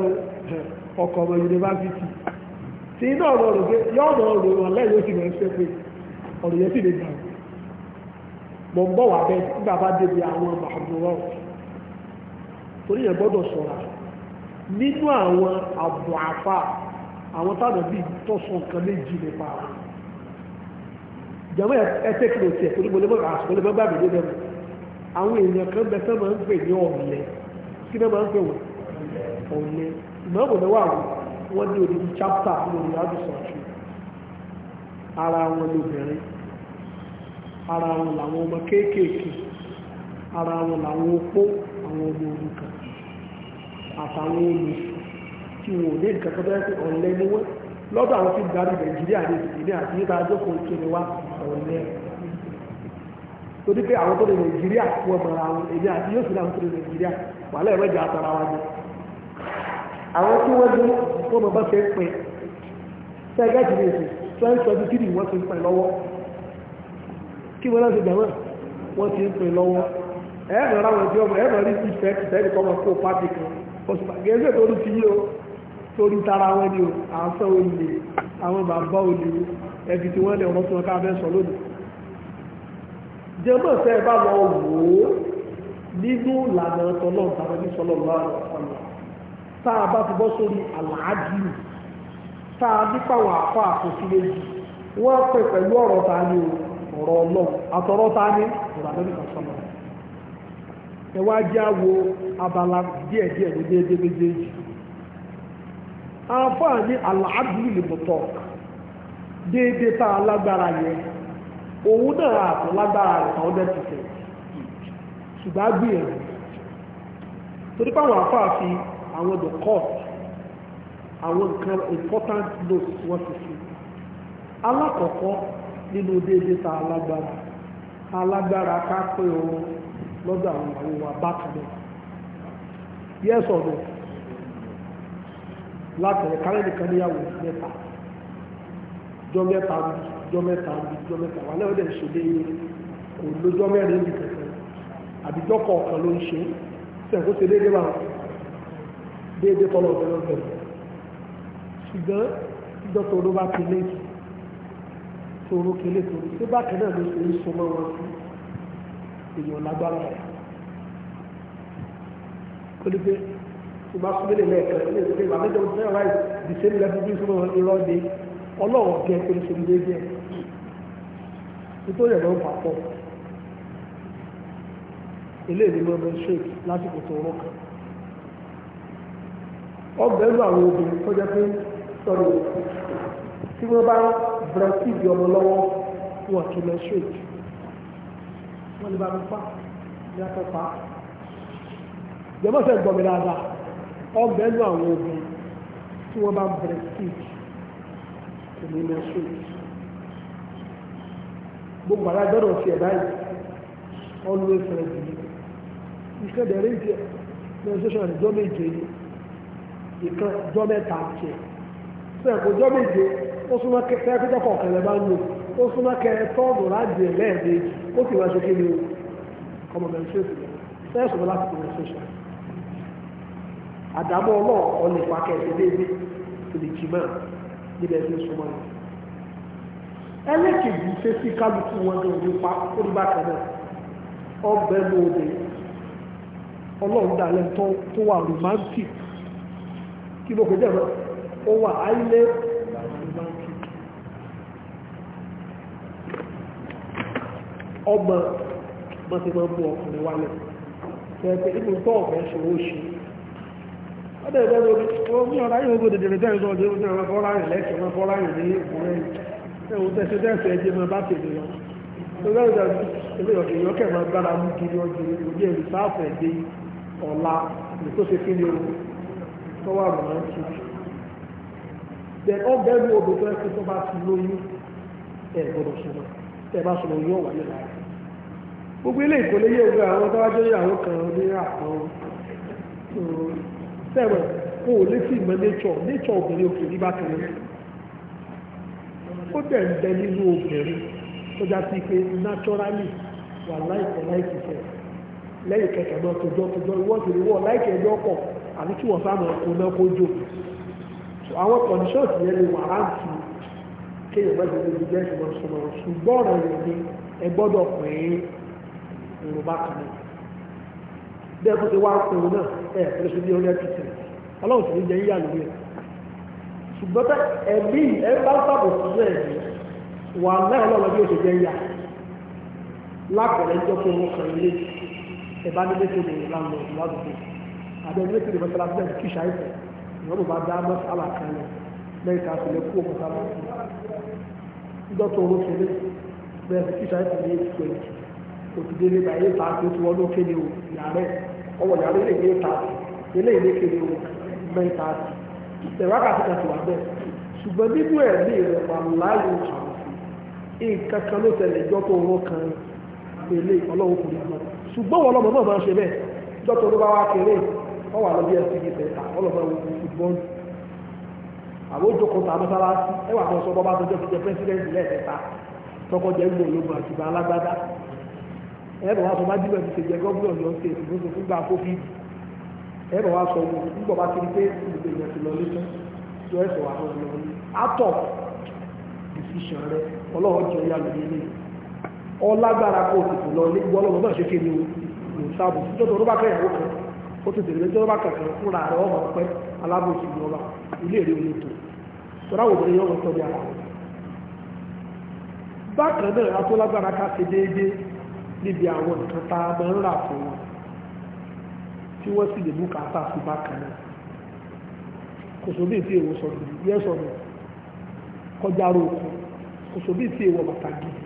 Speaker 1: ọkọ̀ ọmọ yunifásitì tí iná ọ̀rọ̀ rò pé yọ́ ọ̀rọ̀ rò wọn lẹ́yìn oṣù rẹ̀ ṣe pé ọ̀rọ̀ yẹn sì lè gbà mọ̀ ń bọ̀ wà bẹ́ẹ̀ nígbà bá débi àwọn àbúrọ̀ torí yẹn gbọ́dọ̀ sọ̀ra nínú àwọn àbọ̀ àfà àwọn táwọn bíi tọ́sán kan méjì nípa àwọn jàmọ́ ẹ̀tẹ́ kìlọ̀ tiẹ̀ torí mo lè mọ́ àṣọ mo lè mọ́ gbàgbé lé àwọn èèyàn kan bẹ fẹ́ máa kí na máa ń pè wọ́n òun ni ìmọ̀ọ́mù náà wà wọ́n ní odidi lórí adùsọ̀tù ara wọn lóbìnrin ara wọn làwọn ara wọn làwọn opó àwọn ọmọ olùkà àtàwọn tí wọn ò ní nǹkan tó bẹ́ẹ̀ pé ọ̀lẹ́ ni wọ́n lọ́dọ̀ àwọn tí ń darí nàìjíríà ní ìdílé àti torí pé àwọn tó lè nàìjíríà wọ́n mọ̀ra àwọn èdè àti yóò sì láwọn tó lè nàìjíríà wà lẹ́ẹ̀mẹ́jọ àtàrà wa jẹ àwọn tí wọ́n dún wọ́n mọ̀ bá ṣe ń pin sẹ́gẹ́tì ní èsì twenty twenty three wọ́n ti ń pin lọ́wọ́ kí wọ́n láti gbàmọ́ wọ́n ti ń pin lọ́wọ́ ẹ̀ẹ́mọ̀ ráwọn tí ọmọ ẹ̀ẹ́mọ̀ rí ìfẹ́ ìfẹ́ ìkọ́ wọn kó pàtì kan oṣù gẹ̀ẹ́sẹ̀ tó rí ti yí o torí jẹ́mọ́ ìfẹ́ bá lọ wò ó nínú ìlànà ní tá a bá ti sórí àlàájì tá a nípa wà méjì wọ́n pè pẹ̀lú ọ̀rọ̀ ta ni ọ̀rọ̀ ọlọ́run àtọ̀rọ̀ ta ẹ wá àwo abala ní déédéé méjèèjì àǹfààní òun náà àtò lágbára rẹ̀ kan ọdẹ́ pìtẹ̀ ṣùgbọ́n gbìyànjú torí páwọn fi àwọn the court àwọn nǹkan important notes wọ́n ti fi alákọ̀ọ́kọ́ nínú déédéé ta alágbára alágbára ká pé ohun lọ́dọ̀ àwọn ìyàwó wa bákan yes or no látẹ̀rẹ̀ kárẹ́ nìkan níyàwó mẹ́ta jọ mẹ́ta ìjọ mẹ́ta ìjọ mẹ́ta wà lẹ́wọ́n dẹ̀ ṣe déyìn kò lójọ́ mẹ́rin ní kẹ̀kẹ́ àbíjọ́ kọ̀ọ̀kan ló ń ṣe sẹ́kó ṣe déédé wà déédé tọ́lọ̀ ọ̀bẹ̀rẹ̀ ọ̀bẹ̀rẹ̀ ṣùgbọ́n dọ́tọ̀ ló bá ti lé tòrò kele tòrò tó bá kẹ́ náà ló ṣe ń so mọ́ wọn sí èèyàn lágbára rẹ̀ ó ní pé tó bá súnmọ́ lè lẹ́ẹ̀kan ilé ìsìnkú ìgbà mẹ́jọ ń tẹ́wàá ìdíṣẹ́ ńlẹ́bí bí súnmọ́ ìrọ́dẹ ọlọ́wọ́ gẹ́ pé ṣe ń déédé ẹ̀ nítorí ẹ̀rọ ń papọ̀ ilé ìlú lọ́mọ ṣèkì lásìkò tó rọ́ kan ọgbẹ́ lu àwọn obìnrin tó jẹ́ pé sọ̀rọ̀ tí wọ́n bá brẹ́sìdì ọmọ lọ́wọ́ wọn kì í lọ ṣèkì wọ́n lè bá mi pa ní akẹ́pa jẹ́mọ́sẹ̀ gbọ̀mí dáadáa ọgbẹ́ lu àwọn obìnrin tí wọ́n bá brẹ́sìdì kò ní lọ ṣèkì. gbogbo ara gbọ́dọ̀ fi ẹ̀ báyìí always ready ìkan dẹ̀ rèé tiẹ̀ menstruation ìjọ méje ìkan ìjọ mẹ́ta tiẹ̀ sẹ́yìn kò jọ méje ó súnmọ́ kẹ́kẹ́jọ́ kọ̀ọ̀kan lẹ́ bá ń lò ó súnmọ́ kẹ́ tọ́ọ̀dù láti ẹ̀ lẹ́ẹ̀mejì ó sì wá ṣe ni ọmọ sọ̀rọ̀ láti ẹlẹ́kejì ṣe sí kálukú wọn ní òní pa ó ní bákan náà ọbẹ̀ ló dé ọlọ́run dalẹ̀ tó tó wà romantic kí ló kọjá náà ó wà áìlẹ́ romantic ọmọ wọn ti máa ń mú ọkùnrin wálẹ̀ pẹ̀pẹ̀ inú tó ọ̀fẹ́ ṣe ó ṣe ọdẹ ìbẹ̀rẹ̀ omi ọ̀rá yìí ó gbọdọ̀ dèrè dẹ́rẹ́ sọ̀rọ̀ dèrè fọ́nrán rẹ̀ lẹ́sẹ̀ fọ́nrán rẹ̀ ní ìbúrẹ́yìn ẹ̀wọ̀n tẹ̀sí tẹ̀sí ẹ̀jẹ̀ máa bá tèmi lọ lọ́wọ́ ìjà èèyàn kẹ̀ máa gbára mú kiri ọjọ́ òbí ẹ̀rù sáàfù ẹ̀dẹ́ ọ̀la tó ṣe kí ni o tó wà wọ́n ń tu then ó bẹ́ẹ̀ ní obì tó ẹ̀sìn tó bá ti lóyún ẹ̀ gbọ́dọ̀ sọ̀rọ̀ tẹ̀ bá sọ̀rọ̀ yóò wáyé láàyè gbogbo ilé ìkọlé yẹ òwe àwọn tó wá jẹ́ ìyàwó kan ní àwọn sẹ́wọ̀n kó o létí ìmọ̀ nature nature obìnrin òkè ní bákan náà ó dẹ̀ ń bẹ nínú obìnrin tó já sí pé naturally wà láìpẹ́ láìpẹ́ fẹ́ lẹ́yìn kẹta náà tójọ́ tójọ́ ìwọ́n ti rí wọ́n láìpẹ́ ẹjọ́ pọ̀ àbí tí wọ́n sáàmù ọkọ̀ náà kó jò àwọn conditions yẹn lè wà ráǹtì kéèyàn bá ti lè jẹ́ ìṣòro ṣòro ṣùgbọ́n ọ̀rọ̀ yẹn ni ẹ gbọ́dọ̀ pè é yorùbá kan náà bẹ́ẹ̀ tó ti wá ń pè é náà ẹ̀ pẹ̀lú ṣe bí ọ̀rẹ́ pìtẹ́ ọlọ́run sì ń jẹ́ yíyà lórí ẹ̀ ṣùgbọ́n tẹ ẹ̀mí ẹ bá ń sábò sí ẹ̀mí wà náà lọ́wọ́ bí oṣù jẹ́ yá lápẹ̀rẹ̀ jọ pé wọ́n kàn ilé ẹ̀bá nílé tó lè lánàá ládùúgbò àbẹ̀wé tó lè bá tẹ́lá bẹ́ẹ̀ kí ṣàìsàn ìwọ́n bò bá dá mọ́sí àlàkà lẹ̀ lẹ́yìn tá a sì lè kú òkúta lọ sí ìjọ tó wọ́n ṣẹlẹ̀ bẹ́ẹ̀ kí ṣàìsàn ní èyí pẹ̀lú òtúndé lè báyé ta tó tó wọ́n ló kéde o yàrá ọwọ́ yàrá ilé ìgbé ta ilé o mẹ́ta ìwákàtí kan ti wà bẹ́ẹ̀ ṣùgbọ́n nínú ẹ̀mí rẹ̀ wà láàyò àwòfin nǹkan kan ló tẹ̀lé ìjọ tó rán kan pèlè ọlọ́run kò ní mọ́ ṣùgbọ́n wọn lọ́mọ náà máa ń ṣe bẹ́ẹ̀ ìjọ tó bá wá kéré wọ́n wà lọ́bí ẹ̀sìn ní ìfẹ́ ọlọ́mọ wo fútbọ́ọ̀lù àwọn òjòkó ta mọ́sálásí ẹ wà lọ sọ bọ́ bá tó jẹ́ fìjẹ́ pẹ́sidẹ́ntì lẹ́ẹ̀kẹta tọkọ jẹ́ ẹ bọ̀ wá sọ wọn nígbà bá ti rí pé ti lọ lé decision rẹ jẹ́ ìyá lórí ilé ọlágbára kó o tètè lọ lé ìwọ ọlọ́run náà ṣe kéde o lò tó bá ó tètè lé tó bá fúnra rẹ ọmọ pẹ́ alábòsí ìjọba ilé ìrè olè tó tọ́láwò obìnrin yọ̀ọ́ tọ́jú bákan náà ká ṣe déédéé tí wọ́n sì lè mú kàtà sí bákan náà kò sóbì tí èwo sọ nù yẹ sọ nù kọjá rókun kò sóbì tí èwo bàtà gidi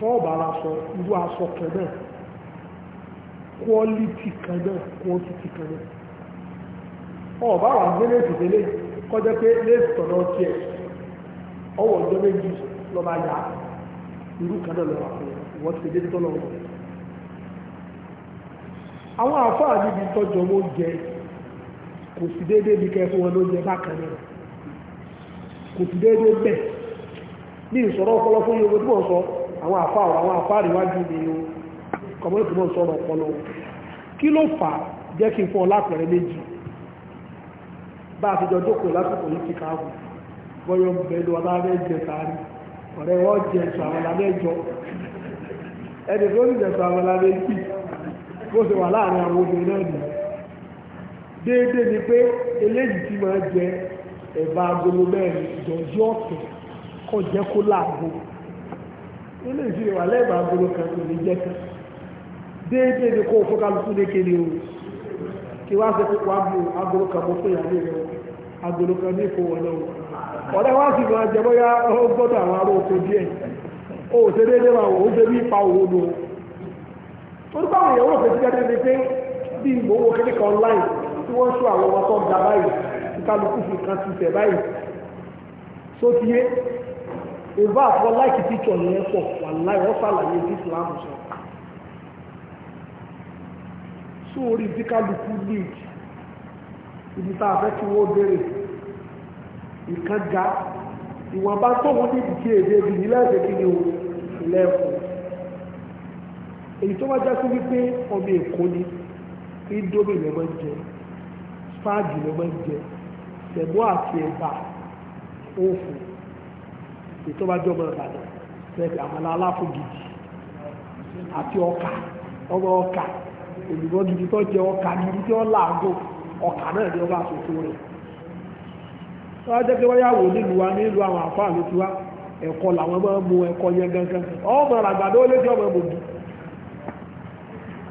Speaker 1: tọ́ọ̀bà ara sọ irú aṣọ kan náà quality kan náà quantity kan náà ọ̀bá wà ní lẹ́sì délé kọjá pé lẹ́sì tọ̀nà ọtí ẹ̀ ọwọ́ ọjọ́ méjì lọ́ba yá irú kan náà lọ́wọ́ àwọn ìwọ́n ti lé tọ́lọ́wọ́ àwọn afọ níbi tọ́jọ wọn jẹ kò sí déédéé bí kẹfún wọn ló jẹ bákan náà kò sí déédéé ní ìsọ̀rọ̀ ọpọlọ fún yorùbá tí sọ àwọn afọ àwọn ni o kọ̀mọ́ ìtumọ̀ ọpọlọ kí ló fà kí n fún méjì bá a ti jọ jókòó lásìkò yìí ti ẹni tó ń jẹ sọ àwọn bó ṣe wà láàrin àwọn obìnrin náà nìyẹn déédéé ni pé eléyìí ti máa jẹ ẹ̀bà agolo mẹ́rin ìjọ́jú ọ̀tẹ̀ kàn jẹ́ kó eléyìí ti wà agolo kan ní jẹ́ kan déédéé ni kó o ní kéde o kí wá ṣe agolo kan mo fún ìyàwó rẹ agolo kan ní wá sì máa jẹ bóyá ó gbọ́dọ̀ àwọn díẹ̀ o ò ṣe déédéé máa ó ṣe bí ipa òwò torí báwọn èèyàn wọ́n fẹ́ ti dẹ́gbẹ́ pé bí ìgbòho kékeré kan láì tí wọ́n sọ àwọn ọmọ tó ń ga báyìí tí kálukú fi kan ti tẹ̀ báyìí tó ti yé ìbá àfọ láìkì píkọ̀ yẹn pọ̀ wà láì wọ́n sàlàyé bí Islam sọ sóòrí tí kálukú lead ibi tá a fẹ́ kí wọ́n béèrè ìkan ga ìwọ̀nba tóun ní ìdíje èdè ìbí nílẹ̀ èdè kí ni o lẹ́kùn èyí tó wájá sí wípé ọmọ èkó ni indomie ló máa ń jẹ spáàgì ló máa ń jẹ sẹ̀mọ́ àti ẹ̀bà òfò èyí tó wájá ọmọ ìbàdàn sẹ́ẹ̀kì àmàlà aláfò gidi àti ọkà ọmọ ọkà olùgbọ́ gidi tó jẹ ọkà gidi tí ó làágùn ọkà náà ni ọba àtúntò rẹ̀ tó wájá pé wáyà wò nílùú wa nílùú àwọn àfáà ló ti wá ẹ̀kọ́ làwọn máa ń mu ẹ̀kọ́ yẹn gangan ọmọ àgbàdo ó lé jọmọ bòdì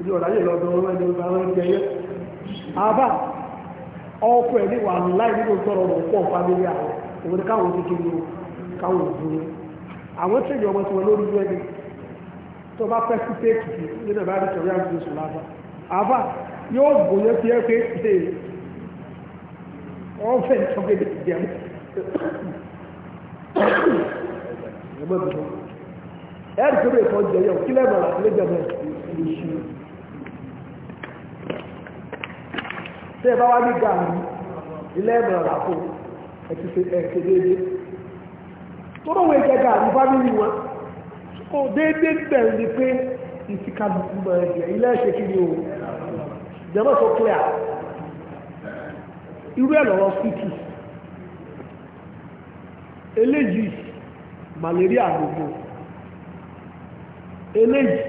Speaker 1: ìdí ọ̀rá yìí lọ́dọ̀ wọn ní ọ̀rá wọn jẹyẹ àbá ọkọ̀ ẹ̀ ní wà láì nínú tọrọ ọ̀rọ̀ pọ̀ fámílì àwọn òun kiri káwọn òdúró àwọn tí ìyọmọ tí wọn lórí ju ẹni tó bá fẹ́ sí téèkì nínú ẹ̀bá àdìsọ̀ rí àdìsọ̀ sùn lábá àbá yóò gbòye fi ẹ́ pé ṣe ọ̀fẹ́ ìtọ́gbẹ́dẹ̀ jẹun ẹgbẹ́ bìbọn ẹ̀rì tó bẹ̀ fọ́ jẹyọ kílẹ̀ mọ̀lá lẹ́jọ̀ bẹ̀ lè ṣe tẹ́ ẹ bá wá ní gàmù ilé ẹ̀mọ̀ ọ̀rà fún ẹ̀kẹ́ déédé tó bá wọ ẹ̀jẹ̀ gàmù fámìlì wọn ó déédé bẹ̀rù ni pé ìtìkàlùkù mọ̀ ẹ̀jẹ̀ ilé ẹ̀ṣẹ̀ kí ni o jẹ́mọ̀ tó clear irú ẹ̀ lọ́rọ̀ fìtì eléyìí malaria gbogbo eléyìí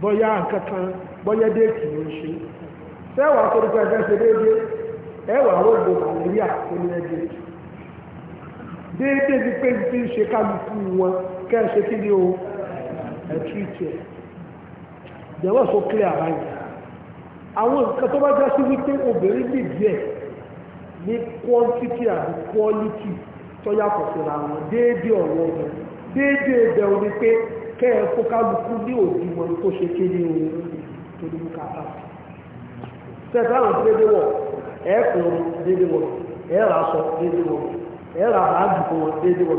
Speaker 1: bọ́yá nǹkan kan bọ́yá déètì ló ń ṣe sẹ́wàá tó dúpẹ́ ẹgbẹ́ ṣe déédéé ẹwà rògbò màlẹ́ríà tó ní ẹgbẹ́ déédéé ti pé ti ń ṣe kálukú wọn kẹ́ ẹ ṣe kí ni o ẹ tírìtì ẹ̀ jẹ́wọ́ so clear báyìí àwọn nǹkan tó bá já sí wípé obìnrin lè díẹ̀ ní quantity àti quality tó yàtọ̀ síra wọn déédéé ọ̀wọ́ wọn déédéé bẹ̀rù ni pé kẹ́ ẹ fún kálukú ní òdiwọ̀n tó ṣe kí ni o tó ní mú kàtà sí tẹ̀sán àwọn tí dédé wọ̀ ẹ̀ kùn dédé wọ̀ ẹ̀ rà aṣọ dédé wọ̀ ẹ̀ rà báàgì fún wọn dédé wọ̀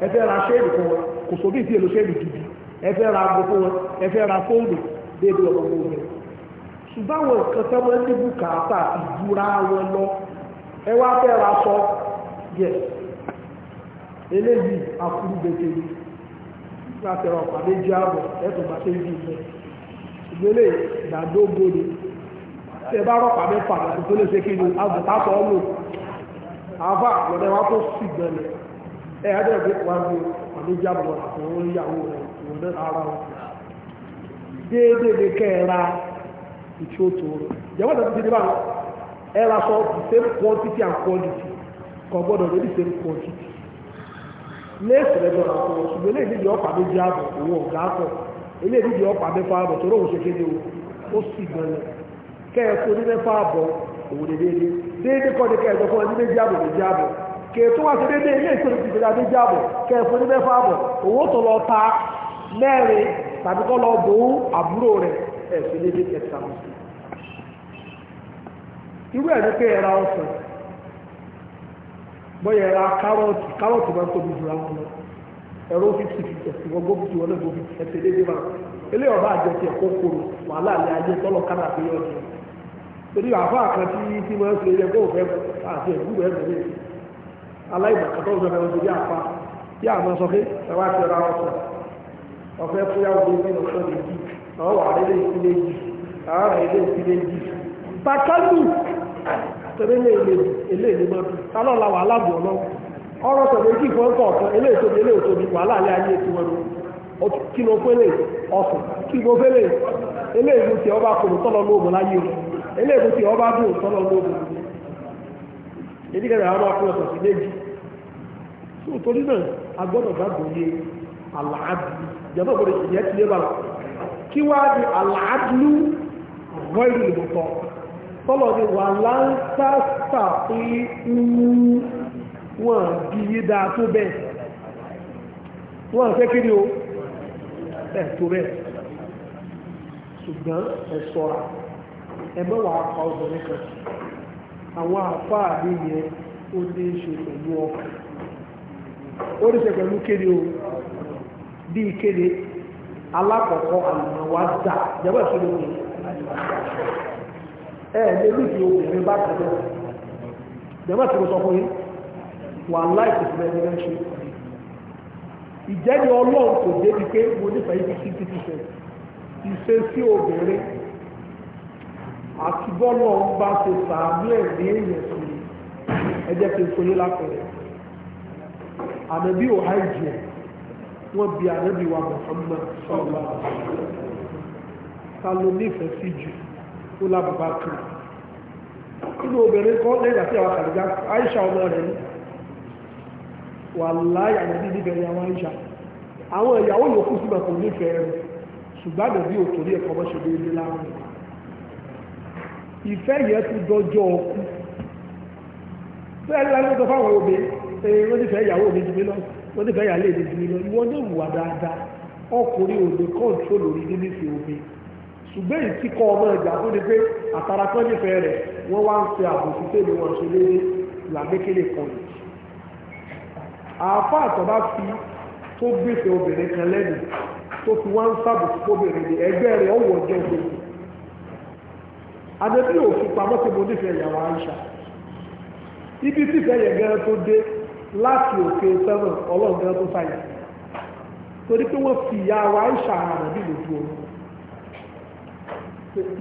Speaker 1: ẹ fẹ́ ra ṣéèdì fún wọn kò sóbì tí èlò ṣéèdì gidi ẹ fẹ́ ra ago fún wọn ẹ fẹ́ ra fóònù dédé wọ̀ gbogbo rẹ̀ ṣùgbọ́n àwọn nǹkan tẹ́ wọ́n ní bùkátà ìdúrà wọn lọ ẹ wá fẹ́ ra aṣọ yẹ eléyìí afúrúgbẹ̀tẹ̀ yìí látẹ̀rọ pàdé jẹ́ ààbọ̀ ẹ̀tùn bá ṣe ń bí tẹ bá rọ̀pá mẹ́fà àti tó lè ṣe kí ni àbùtátọ̀ ọ̀lù àfà lọ́dẹ wa tó sì gbẹ̀lẹ̀ ẹ̀ ẹ́ dẹ̀ fún wa ní àdójábọ̀ ìyàwó rẹ̀ ara wọn déédéé kẹ́ẹ̀ra ìtí ó tòrò tó ti di ẹ ra sọ the same quantity and quality gbọ́dọ̀ the same quantity ṣùgbọ́n ilé ìdíje ọ̀pá kẹ́ẹ̀kọ́ ní mẹ́fà àbọ̀ òun ni déédéé déédéé kọ́ ni kẹ́ẹ̀kọ́ fún ẹni méjì àbọ̀ méjì àbọ̀ kẹ́ẹ̀tọ́ wá sí déédéé ilé ìṣòro ti fìdá méjì àbọ̀ kẹ́ẹ̀kọ́ ní mẹ́fà àbọ̀ owó tó lọ ta mẹ́rin tàbí kọ́ lọ bò ó àbúrò rẹ̀ ẹ̀sìn déédéé kẹta mọ̀ sí. irú ẹ̀ ní pé ẹ̀ra ọ̀sán bọ́yẹ̀ ẹ̀ra kárọ̀tì kárọ̀tì máa ń tóbi jù láwọn lọ ẹ̀rọ fífi ẹ̀sìn wọn gómìnà wọn náà gómìnà ẹ̀sìn déédéé máa ilé ọ̀bá àjọ tiẹ̀ kó kóró wàhálà ilé ayé tọ́lọ̀ kánà àbíyọ̀ torí a kan tí tí wọ́n ṣe yẹ kó fẹ́ àti tó sọ tí a sọ pé ẹwà ti ra ọ̀sọ̀ ọ̀fẹ́ fúyàwó ilé ọ̀sọ̀ lè jí ọwọ́ àrẹ́lẹ̀ ìpínlẹ̀ yìí àwọn ilé ìpínlẹ̀ yìí takalu tẹ̀lé ilé ìlú mọ́ tálọ́la wà lábù ọ̀nà ọ̀rọ̀ tẹ̀lé kí fún ọkọ̀ ọ̀kan ilé ìtòbi ilé ìtòbi wà láàrin ayé ti wọn kí ló ọ̀sùn kí ló ilé ìlú ọba tọ́lọ́ lóògùn láyé rẹ̀ ilé ìlú tí ọba dùn sọ́lọ́ lóògùn ìdíkẹ̀rẹ̀ àwọn akọ́ ọ̀sọ̀ sí méjì tó torí náà a gbọ́dọ̀ gbàgbọ́ yé àlàádù ìjọba òbòdò ìyẹn ti lé bá kí wá di àlàádù ọ̀rọ̀ ìlú ìbùtọ̀ sọ́lọ́ ni wà láńsáṣà pé wọ́n bí yí dáa tó bẹ́ẹ̀ wọ́n fẹ́ kí ni o ẹ̀ tó bẹ́ẹ̀ ṣùgbọ́n ẹ̀ sọ́ra ẹgbẹ́ wàá pa obìnrin kan àwọn àfáà mi yẹn ó ní ṣe pẹ̀lú ọkọ̀ ó ní ṣe pẹ̀lú kéde o bíi kéde alákọ̀ọ́kọ́ àlùmọ̀ wa dà jẹ́wọ́ ìṣòro mi ẹ ẹ lè obìnrin bá tẹ̀lé jẹ́wọ́ ìṣòro sọ fún yín wà láì kò sílẹ̀ ní ẹ̀ṣẹ̀ ìjẹ́ni ọlọ́run kò débi pé mo nífẹ̀ẹ́ yìí ìṣesí obìnrin àti bọ́lọ̀ ń bá ṣe sàánú ẹ̀ ní èèyàn sí ẹ jẹ́ kí n fọyín lápẹ̀rẹ̀ ànábì ò háìjì ẹ̀ wọ́n bi ànábì wa Muhammad sọ̀rọ̀ ta ló nífẹ̀ẹ́ sí jù ó lábùbá kan nínú obìnrin kan lẹ́yìn àti àwọn àkàlẹ́gá Aisha ọmọ rẹ̀ ní wàláì ànábì níbẹ̀ ya wọn Aisha àwọn ìyàwó yòókù sí màkò nífẹ̀ẹ́ rẹ̀ ṣùgbọ́n ànábì ò torí ẹ̀kọ́ mọ́ ṣe déédéé láwọn ìfẹ́ yẹn ti dọjọ́ ọkú bẹ́ẹ̀ lẹ́nu tó fáwọn òbí ẹ̀yìn wọ́n ti fẹ́ ìyàwó mi jù mí lọ wọ́n ti fẹ́ ìyàlé mi jù mí lọ ìwọ ní ìwà dáadáa ọkùnrin òde kọ́ńtró lórí nílùú òbí ṣùgbọ́n ìtìkọ́ ọmọ ìjà tó ni pé àtàrà kan nífẹ̀ẹ́ rẹ̀ wọ́n wá ń ṣe àbòsí tèmi wọn ṣe lé làgbékèlè kọ́lẹ̀ àáfà àtọ́bá fi tó gbèsè obìnrin kan lẹ́nu tó àdébí òfin pamọ́ tí mo nífẹ̀ẹ́ ìyàwó Aisha ibi tífẹ̀ẹ́ yẹn gan tó dé láti òkè sẹ́nà ọlọ́run gan tó sáyẹ torí pé wọ́n fi ìyàwó Aisha hàn bí lójú omi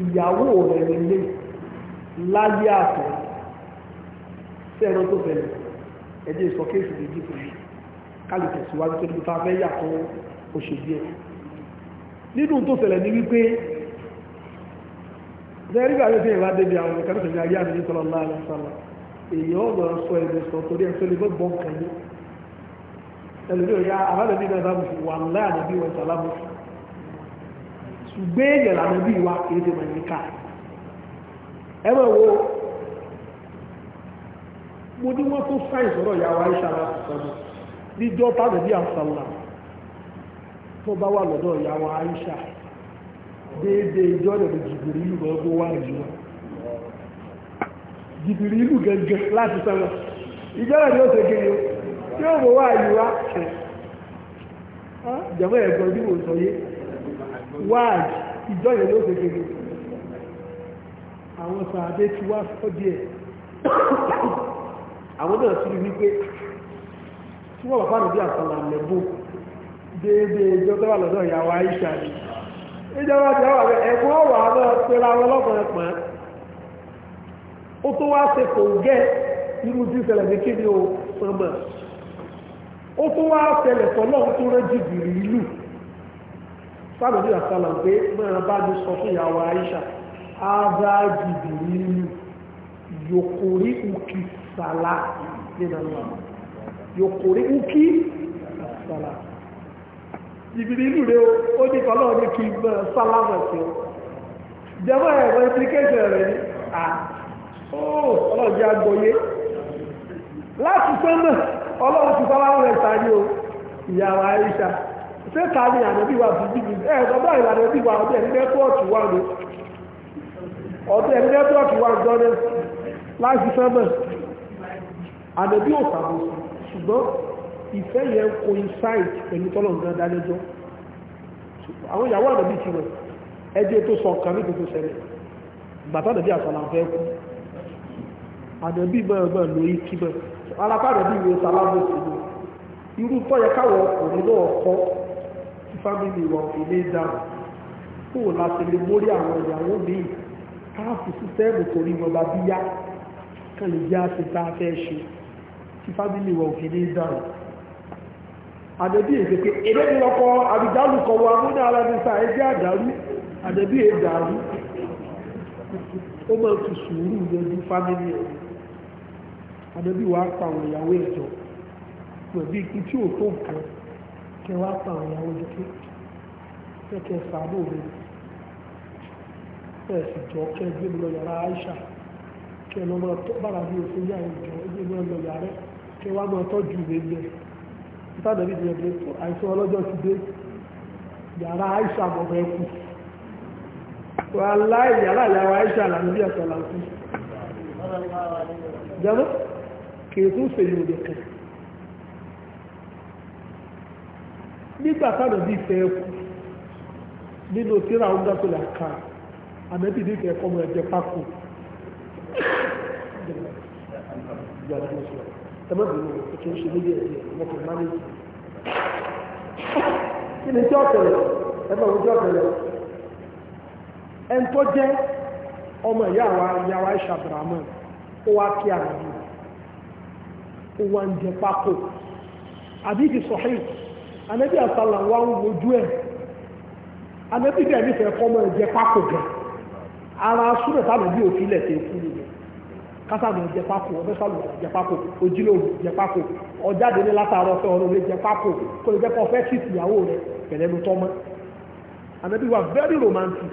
Speaker 1: ìyàwó rẹ̀ lélẹ̀ láyé àtọ̀ sẹ́nà tó fẹ̀lẹ̀ ẹ̀jẹ̀ sọ kéèsì méjì fún mi kálí tẹ̀síwájú tó níbi tá a fẹ́ yà fún oṣù díẹ̀ nínú tó fẹ̀lẹ̀ ní wípé bẹ́ẹ̀ nígbà tó yẹn bá débi àwọn ìkànnì tó ní ayé àmì nítorí ọlá àlọ́ sálà èyí ó lọ sọ èdè sọ torí ẹ̀ tó lè bọ́ bọ́n kan ní ẹlòmí ò yá àbálòmí náà bá bùsùn wà láà níbi wọn sàlá bùsùn ṣùgbọ́n èèyàn lànà wa kìí ṣe mọ̀ níkà ẹ máa wo mo ní wọ́n tó sáyìn sọ̀rọ̀ ìyàwó Aisha láti sọ́nà níjọ́ tábìlì àṣàlà tó bá wà lọ́dọ̀ ìyàwó déédéé ìjọ́ ìdẹ̀dẹ̀ jìbìrì ìlú gbogbo wà ní ìwọ̀n jìbìrì ìlú gẹ̀gẹ̀ láti sọ́nà ìjọ́rọ̀ ni ó ṣe kéde tí ó bọ̀ wá àyíwá jẹ̀mọ́ ẹ̀gbọ́n bí mo sọ yé wáàjì ìjọ́ yẹn ló ṣe kéde àwọn sàádé ti wá sọ́ díẹ̀ àwọn náà ti rí wípé tí wọ́n bàbá mi bí àtàlà lẹ́bù déédéé ìjọ́ tó wà lọ́dọ̀ ìyàwó àyíṣà yìí níjọba jẹ́ wà bẹ́ẹ̀ ẹ̀kún ọ̀wà náà pera wọn lọ́gbọ̀n ẹ̀pọ̀n ó tó wá ṣe kò gẹ́ irú tí ìṣẹ̀lẹ̀ ní kí ni ó sọmọ ó tó wá ṣẹlẹ̀ tọ́lọ́run tó rẹ́ jìbìrì ìlú sábẹ̀dì àsálà pé máa bá mi sọ fún ìyàwó Aisha ádá jìbìrì ìlú yòkòrí òkì sàlá nínú àwọn yòkòrí òkì sàlá jìbìrì ìlú rẹ ó ní kọ́ náà ní kí n bẹ̀rẹ̀ sálámà sí ọ jẹ́mọ́ ẹ̀rọ implication rẹ̀ ni à ó ọlọ́run jẹ́ agbóyé láti sẹ́nà ọlọ́run ti sálámà rẹ̀ sáré o ìyàwó Aisha ṣé ta ni ànábì wa fún jìbìrì ẹ̀ ọ̀dọ́ ìlànà bí wa ọdún ẹni nẹ́tíwọ̀kì wà ní ọdún ẹni nẹ́tíwọ̀kì wà ní ọdún láti sẹ́nà ànábì ò sàbòsù ṣùgbọ́n ìfẹ́ yẹn coincide pẹ̀lú tọ́lọ̀gbọ́n dájẹ́jọ́ àwọn ìyàwó àdàbí ti wẹ̀ ẹjẹ́ tó sọ ọ̀kan ní gbogbo sẹ́rẹ̀ bàtà àdàbí àsàlà fẹ́ kú àdàbí bẹ́ẹ̀bẹ́ ló yí kí bẹ́ẹ̀ alápá àdàbí ìwé sàlámù sí ni irú tọ́ yẹ káwọ ọkùnrin náà kọ́ tí fámìlì wọn fi lé dáhùn kó o láti lè mórí àwọn ìyàwó míì káàfù sísẹ́ẹ̀mù torí wọn bá bíyá kan lè jẹ́ àṣetá fẹ́ ṣe tí fámìlì wọn fi lé dáhùn àdẹ̀bí èdèké ìrẹ́nìlọ́kọ́ àbìdálùkọ wa múnà ara ní sáà ẹgbẹ́ àdàrú àdẹ̀bí èdàrú ó mọ̀ tù sùúrù lójú fámílì ẹ̀ àdẹ̀bí wa pa àwọn ìyàwó ẹ̀jọ pẹ̀lú ikú tí ò tó nǹkan kẹ wá pa àwọn ìyàwó ẹ̀jọ kẹ́kẹ́ sàánú mi ẹ̀ sì jọ kẹ́ gbé mi lọ yàrá Aisha kẹ́ lọ́mọ bára mi ò fún yàrá ìjọ ẹgbẹ́ mi lọ yàrá kẹ́ wá mọ́ tọ́jú mi bẹ́ẹ̀ sáàdọ̀ bí ìdíyẹ pé àìsàn ọlọ́jọ́ ti dé yàrá àìsàn àbọ̀bọ̀ ẹkù wà láì yàrá ìyàwó àìsàn àlàní bí ẹ̀sọ̀ làkú jẹ́mọ́ kèétú sèyí òde kan nígbà sáàdọ̀ bí ìfẹ́ ẹkù nínú tíra ọdún tó lè ka àmẹ́bí ní ìfẹ́ ẹ̀kọ́ mọ̀ ẹ̀jẹ̀ pákó ẹ̀mọ́bìnrin tó ń ṣe méjì ẹ̀jẹ̀ mọ́kànlá méjì kí ni tí ọ̀tẹ̀lẹ̀ ẹgbẹ́ òun tí ọ̀tẹ̀lẹ̀ ẹn tó jẹ́ ọmọ ìyá wa ìyá wa Aisha Abdulrahman ó wá kí àrùn ó wá ń jẹ pákó àbíkì sọ̀hìn ànábì àsálà wa ń wojú ẹ̀ ànábì bẹ́ẹ̀ nífẹ̀ẹ́ kọ́ ọmọ ìjẹ pákó gan ara súnmọ̀ tábìlì òfin lẹ̀ tẹ̀ kásàgùn jẹpákò ọdẹ́sàlù jẹpákò ojúlówó jẹpákò ọjáde ní látàárọ̀ fẹ́ ọ̀rọ̀ orí jẹpákò kó lè jẹ́pọ̀ fẹ́ kìí ìyàwó rẹ̀ pẹ̀lẹ́ ló tọ́mọ́ anabi wa very romantic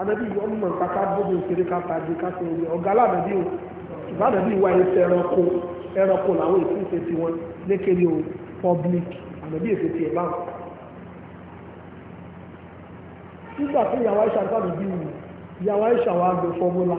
Speaker 1: anabi ọmọ mọ̀ kàkà bóbi òkèrè kàkà àdé kàkà òye ọ̀gá lànàbí o ìgbà anabi wa ẹsẹ̀ ẹranko ẹranko làwọn èsì ìfẹ́ ti wọn lékele o public anabi èsì ti ẹ̀ bá wọn. nígbà tí ìyàwó àìsàn sábà bí ìyàwó àìsàn wa gbé fọ́múlà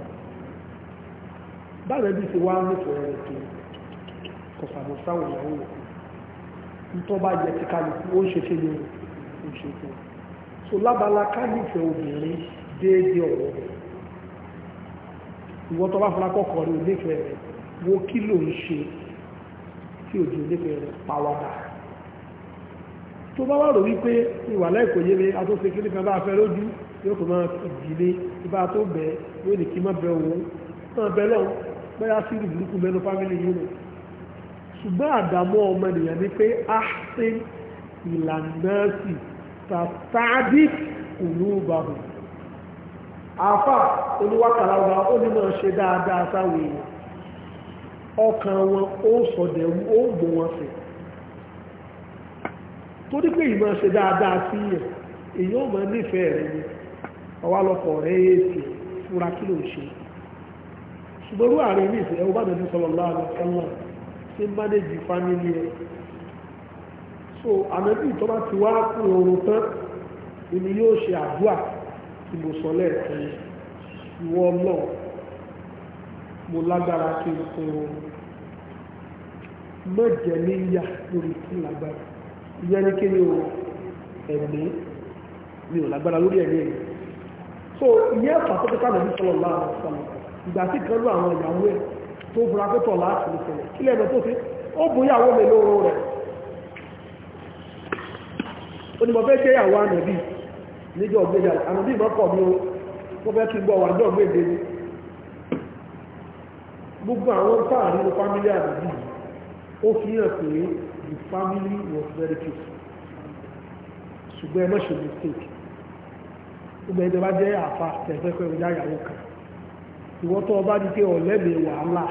Speaker 1: bára ẹbí ti wá nífẹ̀ẹ́ rẹ̀ tó kọ̀sàmọ̀ sáwọn ìyàwó rẹ̀ nítọ́ bá jẹ ti kálukú ó ń ṣe kí ni ó ń ṣe kí ni so lábala ká nífẹ̀ẹ́ obìnrin déédéé ọ̀rọ̀ rẹ̀ ìwọ́n tó bá fara kọ́kọ́ rẹ̀ onífẹ̀ẹ́ rẹ̀ wo kí ló ń ṣe tí òjò onífẹ̀ẹ́ rẹ̀ pàwọ́dà tó bá wà rò wípé ìwà láìpẹ́ yé mi atọ́sẹ̀ kí nípa bá fẹ́ lójú yóò tó máa ìdílé ìbá tó bẹ̀ yóò ní kí má bẹ òun náà bẹ lọ́wọ́ bóyá sí ìlú burúkú mẹ́nu fámìlì yìí nù ṣùgbọ́n àdàmọ́ ọmọ ènìyàn ni pé ahsin ìlànà sí tàbí kùnú bàbù àfà oníwákàláwà ó ní máa ṣe dáadáa sáwọn èèyàn ọkàn wọn ó sọ̀dẹ̀wú ó gbò wọn sí torí pé ìmọ̀ ṣe dáadáa sí yẹn èyí ó mọ̀ nífẹ̀ẹ́ rẹ̀ ni ọwálọ́pọ̀ rẹ̀ èèkì fúra kí ló ń ṣe ṣùgbọ́n irú ààrẹ ní ìsìn ẹwọ́ bá dẹ̀ sallallahu alaihi wasallam ṣe mánéjì ẹ̀ so ti wá kún tán ìní yóò ṣe àdúà tí mo sọ lẹ́ẹ̀kan ìwọ náà mo lágbára kí n kún ni o ẹ̀mí mi ò lágbára lórí ẹ̀mí so ìyẹn fà tó ìgbà tí kan lú àwọn ìyàwó ẹ̀ tó fura pé tọ̀ láti ìṣẹ̀lẹ̀ kí lẹ́nu tó fi ó bú ìyàwó mi lóró rẹ̀ ó ní mo fẹ́ jẹ́ ìyàwó ànàbí níjọ́ ọ̀gbẹ́jà ànàbí ìmọ̀kọ̀ mi ó mo fẹ́ kí n gbọ́ wà ní ọ̀gbẹ́dẹ ni gbogbo àwọn táàrí ní fámílì àdìdì ó fi hàn pé the family was very ìwọ́n tó ọba di pé ọ̀lẹ́mìí wàhálà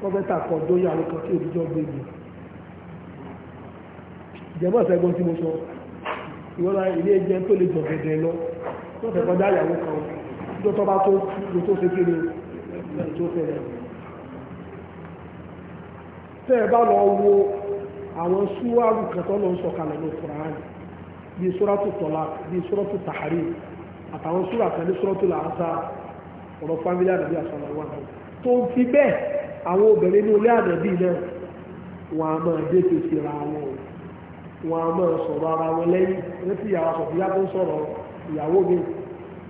Speaker 1: kọ́mẹ́tà kan tó yà lóko tí òbíjọ́ gbé mi ìjẹ́bọ̀ sẹ́gbọ́n tí mo sọ ìwọ́n ilé ẹjẹ́ tó lè jọ̀gẹ̀dẹ̀ lọ tó fẹ́ kọjá ìyàwó kan tó tọ́ bá tó kú tó ṣe kéré tó fẹ́rẹ̀ tẹ́ ẹ bá lọ wo àwọn súwárù kan tó lọ sọ̀kalẹ̀ ní Qur'an bíi sóràtù tọ́lá bíi sóràtù tàhárí àtàwọn súwárù kan ní sóràtù làásà ọ̀rọ̀ fámílì àdàbí àsọ̀rọ̀ tó ń fi bẹ́ẹ̀ àwọn obìnrin ní ilé àdàbí náà wọn a máa dé tètè ra wọn o wọn a máa sọ̀rọ̀ ara wọn lẹ́yìn ní ti ìyàwó sọ̀rọ̀ ìyá tó ń sọ̀rọ̀ ìyàwó mi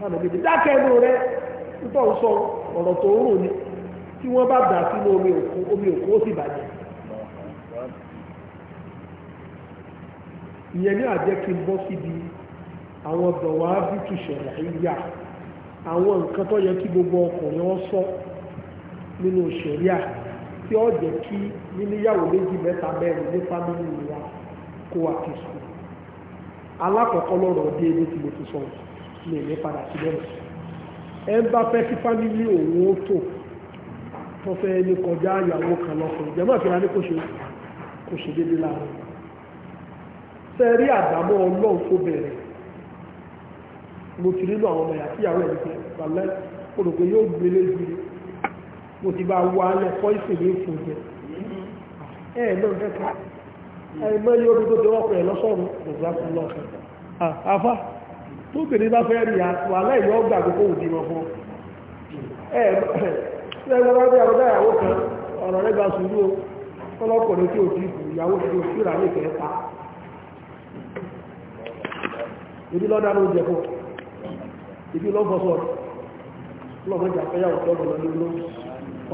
Speaker 1: àdàbí ti dákẹ́ inú rẹ nípa ń sọ ọ̀rọ̀ tó ń rò ní tí wọ́n bá dà sínú omi òkú omi òkú ó sì bàjẹ́ ìyẹn ní àjẹkí bọ́ síbi àwọn bọ̀wá bí tùṣẹ̀lẹ̀ yíyá àwọn nǹkan tó yẹ kí gbogbo ọkùnrin ọ sọ nínú à tí ọ jẹ kí níníyàwó méjì mẹta mẹ́rin ní fámìlì wa kó wà kí sùn lọ́rọ̀ ọdí tí mo ti sọ lè ní padà sí ẹ ń bá kí fámìlì òun ó tò tó ní kọjá ìyàwó kan mo ti nílò àwọn ọmọ ìyá sí ìyàwó ẹ̀mí pé wàlẹ́ olùgbé yóò gbélé ju mo ti bá wà lẹ̀ fọ́ ìsìnkú ìfún jẹ ẹ ẹ náà kẹta ẹ mọ iye omi tó ti wọ́pọ̀ ẹ lọ́sọ̀rọ̀ ọ̀gá fún lọ́ọ̀kẹ́ àfa tó bèrè bá fẹ́ rí wàlẹ́ ìlú ọgbà àgbẹ̀kọ́ òdì wọn fún ẹ ẹ wọn wá bí àwọn ìyàwó kan ọ̀rọ̀ rẹ̀ gba sùúrù ọlọ́kùnrin tí ò ti bù ìyàwó tí ò sí ìbí lọ́gbọ̀sọ̀ lọ́gbọ̀jà fẹ́yàwó tọ́gbọ̀ lọ́lọ́lọ́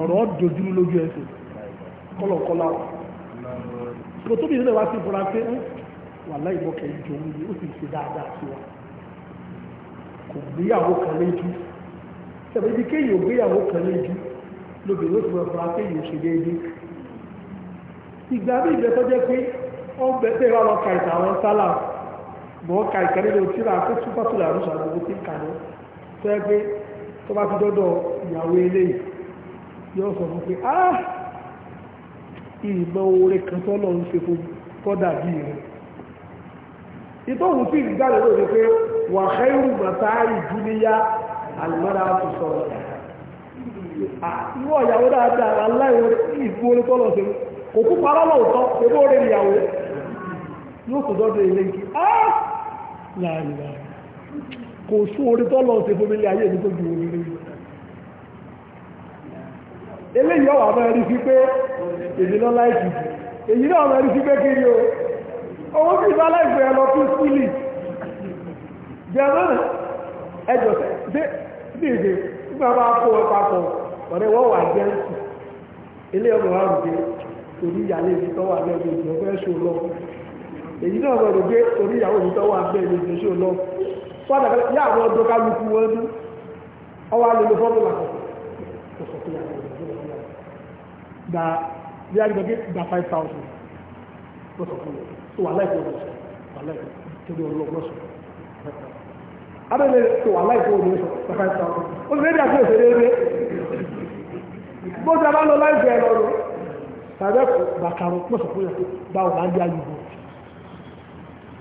Speaker 1: ọ̀rọ̀ dojúrú lójú ẹsẹ̀ kọlọ̀kọlá kò tóbi nílẹ̀ wá sí ìfura pé ń wà láì mọ́kẹ́ ìjọ mi ó sì ṣe dáadáa sí wa kò gbéyàwó kan léjú sẹ́fẹ̀ ibi kéèyàn gbéyàwó kan léjú lóbìnrin ó ti mọ ìfura pé yóò ṣe déédéé ìgbà bí ìbẹ̀tọ́ jẹ́ pé ọ mọ̀ ká ìkàrí ló tí ra kó túbọ̀ tó làrú ṣàgbogbo tí ń kà lọ tó ẹ pé tó bá ti dọ́dọ̀ ìyàwó eléyìí yóò sọ fún pé ah ìmọ̀ oore kan tọ́lọ̀ ń ṣe fún kọ́dà bí rẹ̀ ìtọ́hùn sí ìgbàlẹ̀ ló ní pé wà khairu mataa'i dunya al-mar'atu salihah ìwọ ìyàwó dáadáa aláìwọ ìfún orí tọ́lọ̀ sí kò kú parọ́ lọ́ọ̀tọ́ pẹ̀lú orí ìyàwó yóò sọ dọ́dọ̀ ilé yìí ah láàrínà kò sún orí tọ́lọ̀ ṣe fún ilé ayé nítorí orí rí eléyìí ọ̀wà máa rí sí pé èdè lọ láìsí èyí náà máa rí sí pé kiri o owó bí bá láìsí ẹ lọ fún sílì jẹ́mọ́ ẹjọ́ dé dèdè nígbà máa kó ẹ papọ̀ ọ̀rẹ́ wọ́n wà jẹ́ ilé ọmọ wa rùgbé torí ìyàlẹ́ ìfitọ́wà lẹ́gbẹ̀ẹ́ ìjọba ẹ̀ṣọ́ lọ́wọ́ èyí náà gbọ́dọ̀ gbé orí ìyàwó mi tọ́wọ́ abẹ́ ilé ìgbésí ò lọ fọ́dà yá àwọn ọdún kálukú wọn ní ọwọ́ alẹ́lẹ́ fọ́mùlà da bí a gbẹ̀gbẹ̀ da five thousand lọ́sọ̀ fún mi tó wà láìpẹ́ òun sọ wà láìpẹ́ torí ọlọ́ lọ́sọ̀ abẹ́lẹ́ tó wà láìpẹ́ òun sọ da five thousand ó sì lédè àti òṣèré rẹ bó ti a bá lọ láìpẹ́ ẹ lọ́rùn tàbí ẹ̀kọ́ bàkàrọ̀ pọ̀sọ̀ fún yà báwo bá ń dí ayé bò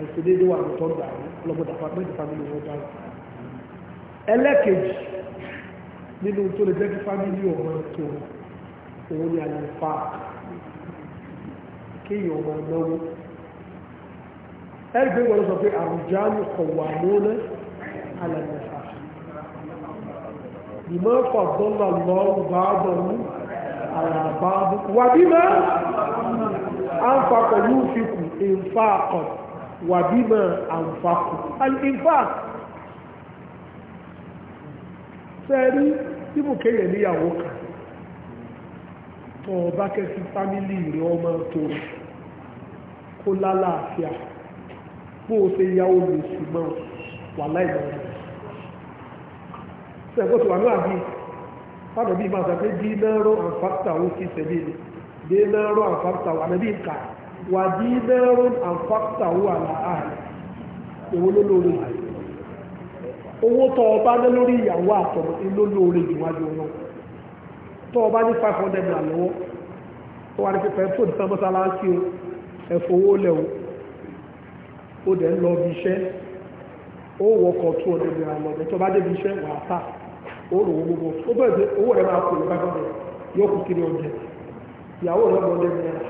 Speaker 1: àìṣedéédé wà lọ́tọ́ gbà lọ́gbọ́dà fámìlì fámìlì wọn dára ẹlẹ́kejì nínú tó lè jẹ́ kí fámìlì ọmọ tó òun ni àyè fa kéèyàn ọmọ náwó ẹgbẹ́ wọn sọ pé àrùjáàmù kọ̀wà lónà alẹ́mẹ̀fà ìmọ̀ fàdọ́là lọ́wọ́ bàbọ̀rún àlàbàbọ̀ wà bí mọ́ àǹfà pẹ̀lú ìfikù ìfà àkọ̀tù wàbímọ̀ àǹfààkù al-infaq sẹ́rí tí mò kéyẹ̀ níyàwó kan ọba kẹsí fámílì rẹ̀ ọmọ tó kó lálàáfíà bó o ṣe yáwó lè ṣùgbọ́n wà láìmọ̀ rẹ̀ sẹ́gbọ́n tó wà ní àbí fádọ̀ bí máa sàpé dínáró àǹfààkù àwọn òfin sẹ́lẹ̀ dínáró àǹfààkù àwọn àbí ìkàá wàdíbẹ́rún àfáàtàwò àlàáàrẹ èwo ló lóore owó tọ́ ọba lé lórí ìyàwó àtọ̀rọ̀ ló ìwájú wọn tọ́ ọba ní five hundred naira lọ́wọ́ tó wà ní pípẹ́ tó ní sọ́mọ́sálásí o ẹ̀fọ́wó o ó dẹ̀ ń lọ bí iṣẹ́ ó wọkọ̀ tó ọdẹ naira lọ́dẹ tó bá débi iṣẹ́ wà á tà ó rò wọ́n gbogbo ó bẹ̀rẹ̀ owó rẹ̀ máa kó lọ́gbàgbọ́n yóò kú kiri ìyàwó rẹ̀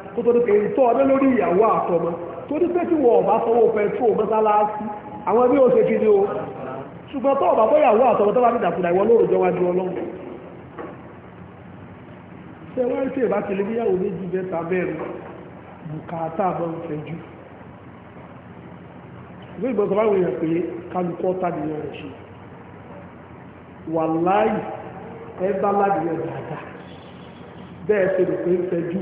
Speaker 1: kó tó dúkẹ́ ìtọ́ ọdún lórí ìyàwó àtọmọ tó ní pé tí wọ́n ọ̀bá fọwọ́ fẹ́ tó mọ́sálásí àwọn bí ó ṣe kí ni o ṣùgbọ́n tó ọ̀bá fọ́yàwó àtọmọ tó bá ìwọ lóòrò wájú ọlọ́run bẹ́ẹ̀ ṣe lò pé ń fẹ́jú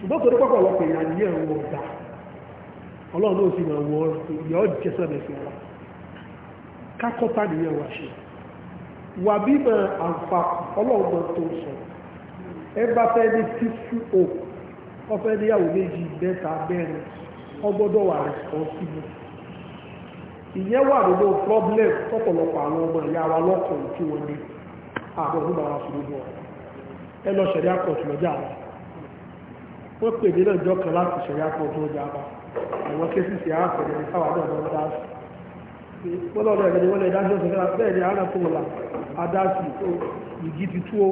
Speaker 1: ṣùgbọ́n torí pọ́pọ̀lọpọ̀ èèyàn ní ẹ̀rọ ọ̀dà ọlọ́run ló sì máa ìyọ́ jẹ́sọ́ mẹ́sì ọ̀la kákọ́tà nìyẹn wà ṣe wà bí mà àǹfà ọlọ́run tó o ọfẹ́ níyàwó méjì mẹ́ta mẹ́rin ọgbọ́dọ̀ wà ìyẹn wà problem àwọn ọmọ ìyá wa lọ́kọ̀ọ́ tí wọ́n ní àbọ̀ nígbà wa sùn lójú ẹ lọ ṣẹ̀dá kọ̀ọ̀tù lọ́jà wọ́n pè mí lọ́jọ́ kan láti ṣẹ̀yà pọ̀ tó jà bá àwọn kéṣì sí àáfẹ̀rẹ̀ ní káwà náà lọ́wọ́ dá sí wọ́n lọ́dọ̀ ẹ̀rẹ́ ni wọ́n lè dájú ọ̀sẹ̀ náà bẹ́ẹ̀ ni àánà tó wọ̀là adásì tó ìgì ti tú ó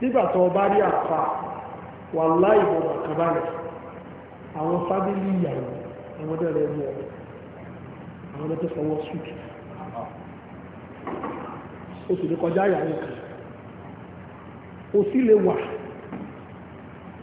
Speaker 1: nígbà tó bá rí àpá wà láì bọ̀dọ̀ kan báyìí àwọn fábílì ìyàwó àwọn ọdẹ rẹ mú ọ àwọn ọdẹ tó fọwọ́ sùkì oṣù ní kọjá ìyàwó kan òsì lè wà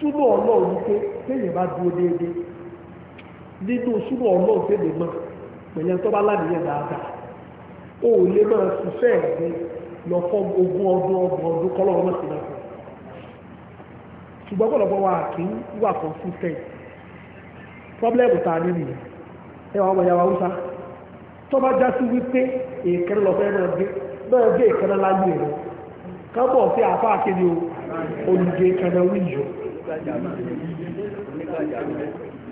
Speaker 1: súnú ọlọ́run pé téèyàn bá dúró déédéé nínú súnú ọlọ́run tẹ́lẹ̀ mọ́ pẹ̀lẹ́ tó bá lánìyàn dáadáa ó lè máa ṣiṣẹ́ ẹ̀gbẹ́ lọ fọ́ ogún ọdún ọgbọ̀n ọdún kọ́lọ́run náà sí náà fún ṣùgbọ́n pọ̀lọpọ̀ wa kì í wà kan sí tẹ̀ pọ́blẹ́mù ta ní nìyí ẹ wà ọmọ yàrá húsá tó bá já sí wípé èèkẹ́rẹ́ lọ fẹ́ náà gbé náà gbé èèkẹ́rẹ́ láyé rẹ̀ kábọ̀ sí àfáà kéde olùgbé kanáwí yìí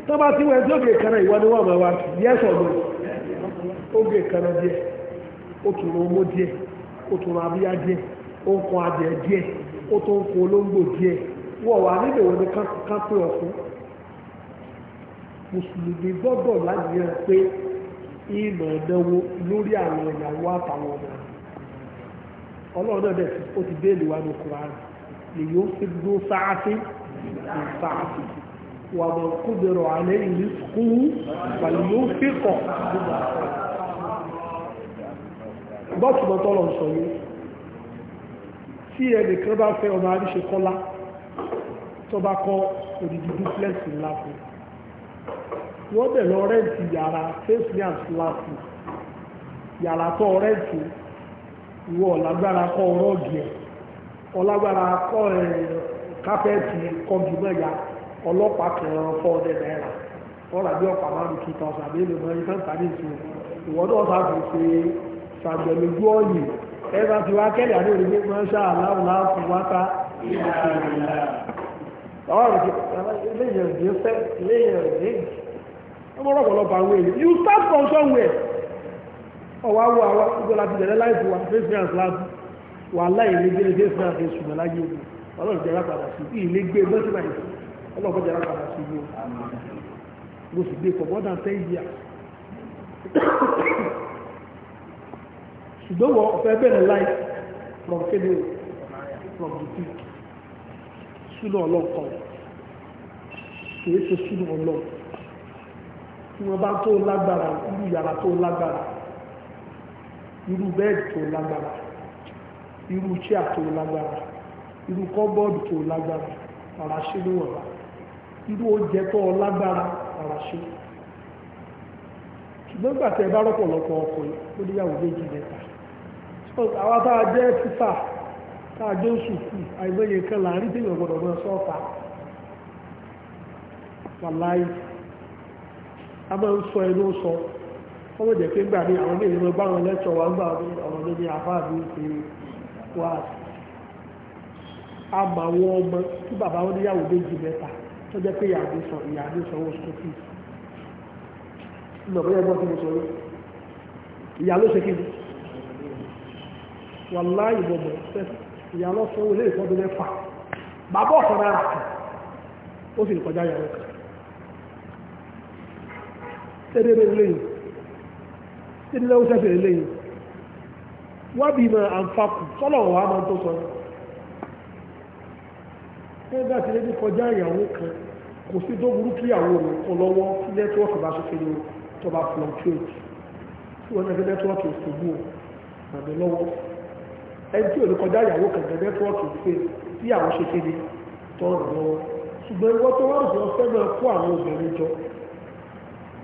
Speaker 1: tó bá ti wẹ̀ tí ó gé kanáà ni wọ́n máa wá yes or no ó gé díẹ̀ ó tún díẹ̀ ó tún abíyá díẹ̀ ó ń adìẹ díẹ̀ ó tún ń olóńgbò díẹ̀ wọ́n wà wọn ọmọ ọlọ́run náà dẹ̀ ti wa ní lèyí ó ti ìsáàtì wà mọ̀ kúbẹ̀rọ̀ alẹ́ ìlú kúrú pàlú fíkọ̀
Speaker 2: bọ́tùmọ̀ tọ́lọ̀
Speaker 1: sọ yìí tí ẹnìkan bá fẹ́ ọmọ àríṣe kọ́lá tó bá kọ́ òdìdí duplex ńlá fún wọ́n bẹ̀ lọ yàrá face me yàrá tó rẹ́ǹtì wọ́n lágbára kọ́ rọ́ọ̀gì ẹ̀ ọlágbára kọ́ ẹ̀ káfẹ́ẹ̀tì kọ́ńtùmọ̀yà ọlọ́pàá kan ran fọ́ọ̀dẹ̀ náírà ọ̀rọ̀ àbí ọ̀pá márùn kí tọ́sà bí èlò mọ́ ìtàn tàbí ìṣòro ìwọ́dọ̀ ọ̀sàbò ṣe ṣàgbẹ̀lójú ọ̀yìn ẹ̀rọ ti wá kẹ́lẹ̀ àdéhùn ní wọ́n ṣá aláwọ̀ láàfin wáta ọ̀rọ̀ ọmọ ọ̀pọ̀lọpọ̀ àwọn èèyàn you start from somewhere ọwọ́ awọ àwọn ìgbọ́lá ti tẹ̀lé láìpẹ́ wà fẹ́sẹ̀ àti láàbù wà láì ní gẹ́gẹ́ fẹ́sẹ̀ àti ìṣùgbọ́n láyé ìgbọ́n ọlọ́run jẹ́ lápadà sí bí ilé gbé bọ́sí náà yìí ọlọ́run jẹ́ for more than ten years ṣùgbọ́n wọ ọ̀fẹ́ bẹ̀rẹ̀ life from kéde from the peak súnà ọlọ́kọ̀ kìí ṣe súnà ọlọ́kọ̀ tí wọ́n bá tó lágbára irú yàrá tó lágbára irú bẹ́ẹ̀dì tó lágbára irú chair tó lágbára. irú kọ́bọ́ọ̀dù tó lágbára ọ̀rá ló wọ̀lá irú oúnjẹ tó lágbára ọ̀rá ṣùgbọ́n gbà tẹ bá rọ́pọ̀lọpọ̀ ọkọ̀ ó níyàwó méjì mẹ́ta àwa tá a jẹ́ títà tá a jẹ́ na àìmọye kan láàrin tí èèyàn gbọ́dọ̀ mọ́ wàláyé a máa ń sọ ẹnu sọ àmọ́ àwọn ọmọ tí bàbá wọn níyàwó méjì mẹ́ta tó jẹ́ pé ìyàwó sàn ìyàwó sanwó school fees ìgbàgbọ́ yẹn gbọ́ tí mo sọ yìí ìyàwó ṣe kí ni wà láàyè bọ̀bọ̀ ìyàwó sanwó ilé ìfọ́dún mẹ́fà bàbá ọ̀sán rárá ó sì kọjá ìyàwó kan tẹ́lẹ̀ lẹ́yìn tẹ́lẹ̀ ó sẹ́fẹ̀ẹ́ lẹ́yìn wábìí máa àǹfààkù sọ́lọ̀ wà á máa tó sọ yìí nígbà tí lè ní kọjá ìyàwó kan kò sí tó burú kí ìyàwó rẹ̀ kọ lọ́wọ́ sí nẹ́tíwọ́ọ̀kì bá ṣe fi ní tó bá fluctuate tí wọ́n ní nẹ́tíwọ́ọ̀kì òṣèlú àmì lọ́wọ́ ẹni tí ò ní kọjá ìyàwó kan gẹ̀ nẹ́tíwọ́ọ̀kì pé tí àwọn ṣe kéde tọrọ lọ́wọ́ ṣùgbọ́n ìwọ́n tó wọ́n sọ fẹ́ máa kó àwọn obìnrin jọ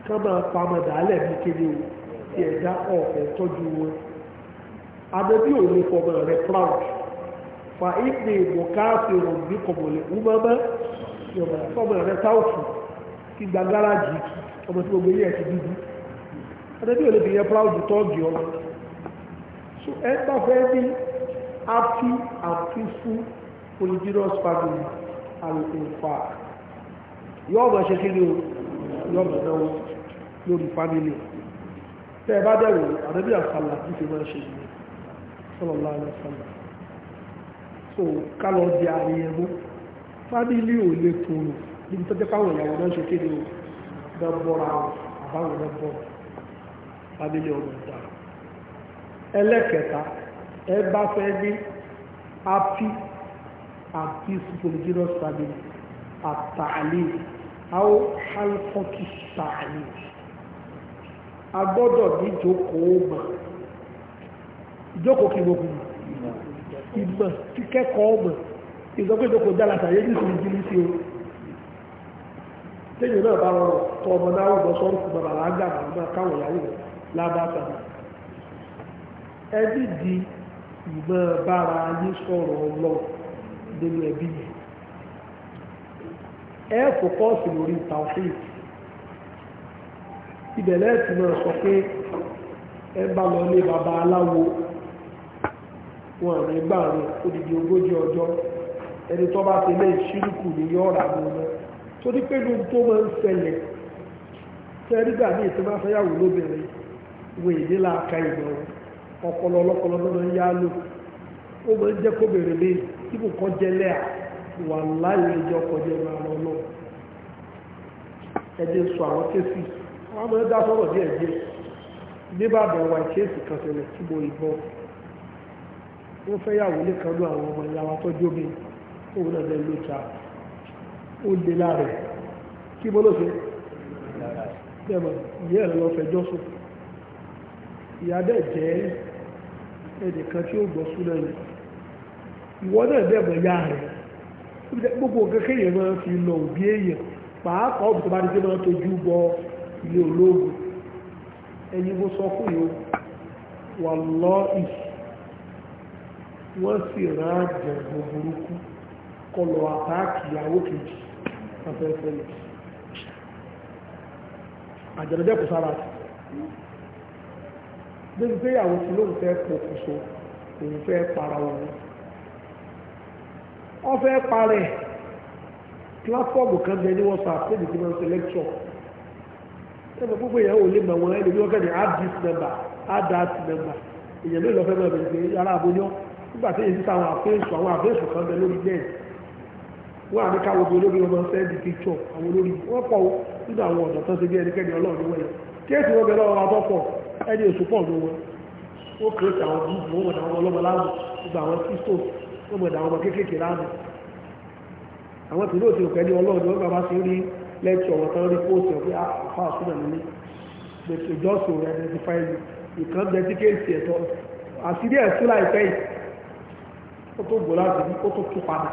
Speaker 1: ká máa pa ọmọdà alẹ́ bí kéde o ti ẹ̀dá ọ̀fẹ́ tọ́jú wọn àbẹ̀bí ò ní fọmọ rẹ̀ proud fa ìpè bọ̀káàfì rọ̀bì kọ̀mọ̀lẹ̀ umọ́mọ́ yọ̀mọ̀ fọ́mọ̀ rẹ̀ táwùfù kí gbàgbára jì ọmọ tí gbogbo yẹ̀ ti dúdú ẹni bí olùbí yẹn proud tọ́ọ̀gì ọmọ so ẹ bá fẹ́ ní happy and peaceful polygynous family and in fact yọ̀ọ́ mọ̀ ṣe kí ni o yọ̀ọ́ mọ̀ náwó lórí family tẹ́ ẹ bá dẹ̀wò àdébíyà sàlà ti fi máa ṣe ìwé sọ́lọ́lá alẹ́ sàlà so ká lọ di ààyè ẹ̀rú fábílì ò lè kòrò níbi tó jẹ́ káwọn ìyàwó náà ṣe kéde o dọ́gbọ́ra àbáwọn dọ́gbọ́ fábílì ọmọ ìdá ẹlẹ́kẹta ẹ bá fẹ́ ní happy and peaceful generous family àtàlẹ́ àwọn halkọ́kì tààlẹ́ a gbọ́dọ̀ ní ìjókòó mọ̀ ìjókòó kí gbogbo mọ̀ ìmọ̀ kíkẹ́kọ̀ọ́ ọmọ ìsọpẹ́jọpọ̀ dára tàyé nìsí ìjìnlẹ̀ sí o tẹ́yìn náà bá rọrùn tọ ọmọ náà wọ̀ sọ́rọ̀ kù bàbá àgbà máa káwọn ìyàwó rẹ̀ lábàtà ẹbí di ìmọ̀ bára yí sọ̀rọ̀ lọ nínú ẹbí yìí ẹ fòkọ́ọ̀sì lórí tàwíì ibẹ̀ lẹ́ẹ̀tì náà sọ pé ẹ bá lọ lé bàbá aláwo wọn rí gbà rẹ odidi ogójì ọjọ́ ẹni tó bá tẹ̀lé ìṣírùkù ní yọ ọ̀rà mọ́ ọ pé tó máa ń ṣẹlẹ̀ tẹ́rí ní ìsinmi lóbìnrin wo èdè ọpọlọ ọlọ́pọlọ máa ń yá lò ó máa ń jẹ́ wà ẹjọ́ lọ ẹjẹ́ sọ àwọn kéèsì wọ́n máa ń dá sọ́rọ̀ kéèsì kan wọ́n fẹ́ yàwó lé kan ló àwọn ọmọ ìyá wa tọ́jú omi òun náà lè lo ìta ó lè láàrẹ̀ kí bó ló ṣe dẹ́mọ̀ ìyá ẹ̀rọ lọ fẹjọ́ sùn ìyá dẹ̀ jẹ́ ẹnìkan tí ó gbọ́ súná yìí ìwọ náà dẹ̀mọ̀ yá rẹ̀ gbogbo kẹ́kẹ́ yẹn máa fi lọ òbí èèyàn pàápàá òbí tó bá dé máa tọ́jú bọ ilé ológun ẹni mo sọ fún yìí wà lọ́ ìsù wọ́n sì rán àjẹ̀bọ̀ burúkú kọlọ̀ àtàkì ìyàwó kejì afẹ́fẹ́ yìí àjẹ̀lẹ́jẹ́ kò sára sí débi pé ìyàwó tí lóun fẹ́ pokùnso òun fẹ́ para òun wọ́n fẹ́ parẹ́ pílátọ́ọ̀mù kan bẹ ní WhatsApp tẹ́lẹ̀ tí wọ́n ṣe lẹ́kṣọ̀ tẹ́lẹ̀ púpọ̀ èèyàn ò lè mọ̀ wọn ẹni bí wọ́n kẹ́ni add this number add that number èèyàn lè lọ fẹ́ mọ̀ bẹ̀rẹ̀ pé yàrá àbóyọ́ nígbàtí èyí táwọn àfẹ́sù àwọn àfẹ́sù kan bẹ lórí bẹ́ẹ̀
Speaker 2: wọ́n àríká gbogbo
Speaker 1: olórí ọmọ sẹ́ẹ̀dì píkṣọ̀ àwọn olórí wọ́n pọ̀ nínú àwọn ọ̀dọ̀ tán ṣe bí ẹnikẹ́ni ọlọ́run wọ́n yẹn kéèsì wọn bẹ lọ́wọ́ abọ́pọ̀ ẹni èṣù pọ̀ ló wọn ó kéré àwọn gúúpù wọn mọ̀dà àwọn ọlọ́mọ ó tó gbò láti rí ó tó tú padà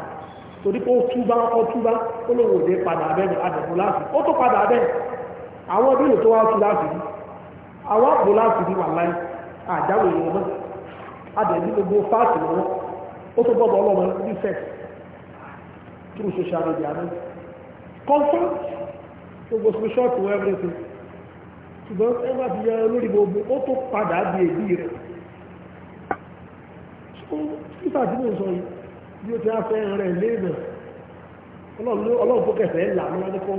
Speaker 1: torí pé ó túbá ó túbá ó lóun òde padà abẹ́nu adẹ̀kùn láti ó tó padà abẹ́nu àwọn ọdún tó wá tú láti rí àwọn àpò láti rí wà láì àjáwò ìwọ̀n náà adẹ̀bí gbogbo fáàtì lọ́wọ́ ó tó bọ́bọ̀ ọlọ́mọ ní sex through social media náà comfort gbogbo screenshot everything ṣùgbọ́n ẹgbàá ti yẹ lórí gbogbo ó tó padà bí èdè rẹ̀ títà tí mo sọ yìí bí ó ti á fẹ́ rẹ̀ léèmọ̀ ọlọ́run tó kẹfẹ́ là ní wájú kọ́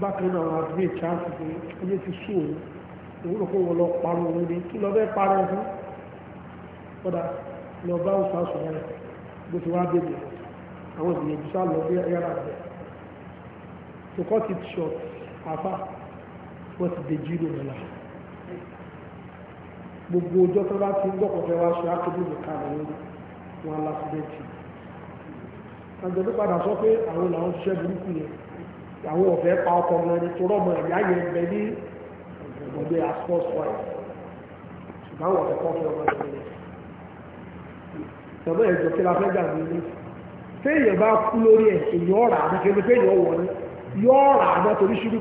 Speaker 1: bákan náà wọn àbí ìcháàsì pé ẹjẹ́ ti sú òun òun rò pé wọn lọ parọ́ òun ni kí lọ fẹ́ parọ́ fún kódà wọ́n ti dèjì lò lọ́la gbogbo ọjọ́ tó bá ti ń gbọ́kọ̀tẹ́ wá ṣe ákébù nìkan lẹ́yìn wọn lásìdẹ́tì àjọ̀dú padà sọ pé àwọn làwọn ṣiṣẹ́ burúkú yẹn àwọn ọ̀fẹ́ pa ọkọ̀ wọn ni tó rọ́mọ ìyá yẹn bẹ ní ọ̀gbọ̀dẹ asfọ́s wáyé ṣùgbọ́n àwọn ọ̀fẹ́ kọ́kọ́ ọmọ ìyá yẹn tọ́lọ́ ẹ̀jọ̀ kí la fẹ́ gbà mí ní téèyàn bá kú lórí ẹ̀ èyàn ọ̀rà àmọ́ kí ni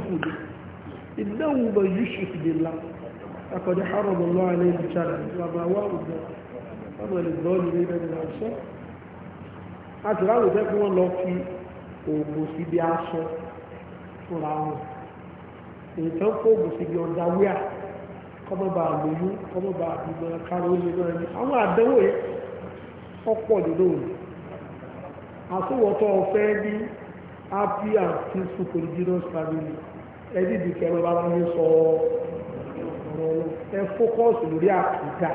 Speaker 1: téèyàn لقد حرم الله عليه الشرع وما وارد أما للظالمين من الأنصار àti láwọn ìfẹ́ kí wọ́n lọ fi oògùn síbi aṣọ fúnra wọn èyí tó ń kó oògùn síbi ọ̀dà wíà kọ́mọ́bà lóyún kọ́mọ́bà àbímọ káró lè náà ní àwọn àdánwò yẹn ọ̀pọ̀ nínú òní àsòwòtọ́ ọ̀fẹ́ ní happy and peaceful indigenous family ẹni ìdìkẹ́ lọ́ba wọn ní sọ ọ́ ọ̀rọ̀ ọ̀rọ̀ ẹ fókọ́ọ̀sì lórí àkùdá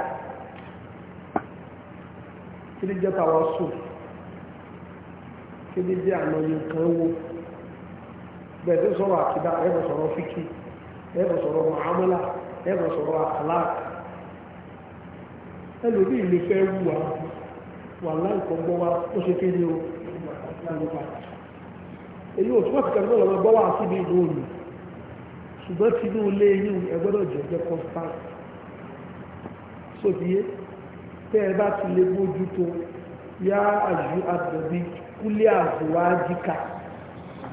Speaker 1: kí ní jẹ́ tàwa sùn kí ní jẹ́ àná yìí kan wo bẹ́ẹ̀ tó sọ̀rọ̀ àkùdá ẹ bọ̀ sọ̀rọ̀ fíkì ẹ bọ̀ sọ̀rọ̀ mọ̀hámọ́là ẹ bọ̀ sọ̀rọ̀ àkàlà ẹlòmíì lè fẹ́ wù wá wà láìpọ̀ gbọ́ wa ó ṣe kéde o èyí ò túbọ̀ ti kẹ́kẹ́ lọ́wọ́ gbọ́ wá síbi ìlú òní ṣùgbọ́n tinú ilé yín ẹgbọ́dọ̀ jẹ́jẹ́ constant sóbíyé tẹ́ ẹ bá ti lè bójú tó yá àjù àbẹ̀bí kúlé àbúwá jíkà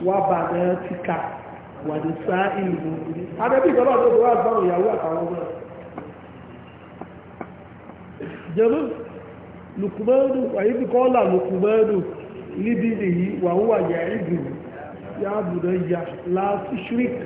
Speaker 1: wà bàbá tíkà wà ní sáà ìlú ìlú adébí ìjọba tó wà gbọ́n ìyàwó àtàwọn ọmọ jẹ́rú lukumanu àyíbí kọ́lá lukumanu líbi nìyí wà ń wà yà ìgbìmọ̀ yá àbùdá yà láti ṣíríkì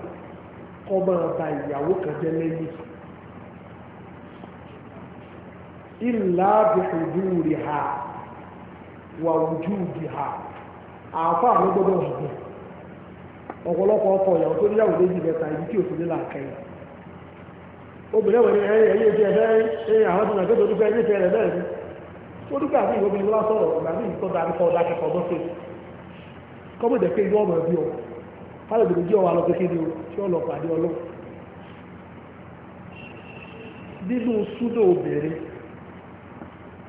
Speaker 1: ọba ba ìyàwó kẹjẹ jẹ́ lẹ́yìn ìlà bìhùdú ha wà ojú bì ha àfa àwọn gbọ́dọ̀ ọ̀pọ̀lọpọ̀ ọkọ ìyàwó tó níyàwó ibi tí obìnrin àwọn ni ó dúpẹ́ àbí ìwé obìnrin wá sọ̀rọ̀ ní ìtọ́ da nípa ọ̀dà kẹfọ́ ọmọ ẹbí ọ tí ọ lọ pàdé ọlọ́run nínú súnà obìnrin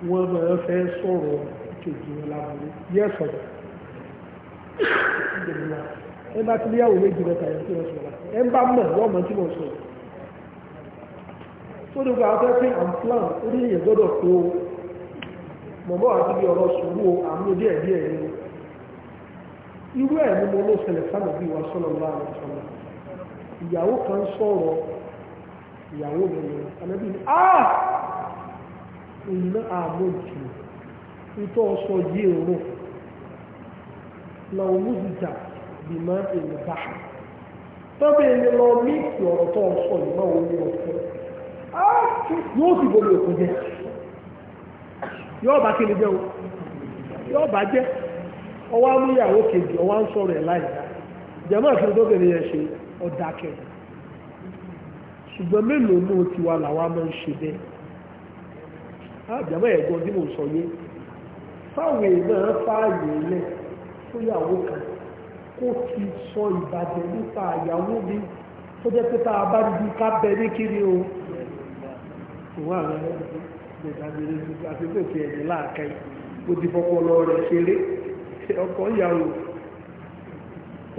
Speaker 1: wọ́n máa fẹ́ sọ̀rọ̀ wọn lábúrú yẹ́ sọ̀rọ̀ ẹ bá ti níyàwó méjì mẹ́ta yẹn tí wọ́n sọ̀rọ̀ ẹ bá mọ̀ wọ́n mọ̀ tí wọ́n sọ̀rọ̀ sódò plan gbọ́dọ̀ mọ̀mọ́ àti bí ọ̀rọ̀ sùúrù díẹ̀ díẹ̀ irú ẹ̀ ni mo ló ṣẹlẹ̀ sábà bí ìyàwó kan sọ̀rọ̀ ìyàwó mi lọ ah! a! ní á iná àmọ́ jù nítọ́ sọ na òun bá ẹni lọ mí ọ̀rọ̀ tó òun ah! yóò sì èkó jẹ yóò bá kí ni jẹ o yóò bá jẹ ọwọ́ amúyàwó kejì ọwọ́ à ń sọ̀rọ̀ ẹ̀ láì jẹ́mọ́ àfihàn ọ̀dàkẹ̀ ṣùgbọ́n mélòó ní o tiwa làwa máa ń ṣe bẹ́ẹ̀ àbíàmọ́ ah, ẹ̀gbọ́n tí mo sọ yé fáwọn èèyàn fààyè lẹ̀ fúyàwó kan kó ti sọ ìbàjẹ́ nípa àyàwó mi tó jẹ́ pé tá a bá níbi ká bẹ ní kíni o ìwọ àwọn ẹgbẹ́ ìdàgbére àti ìgbésẹ̀ ẹ̀yìn láàkẹ́ òdìfọ́pọ̀ lọ rẹ̀ ṣeré ọkọ̀ ìyàwó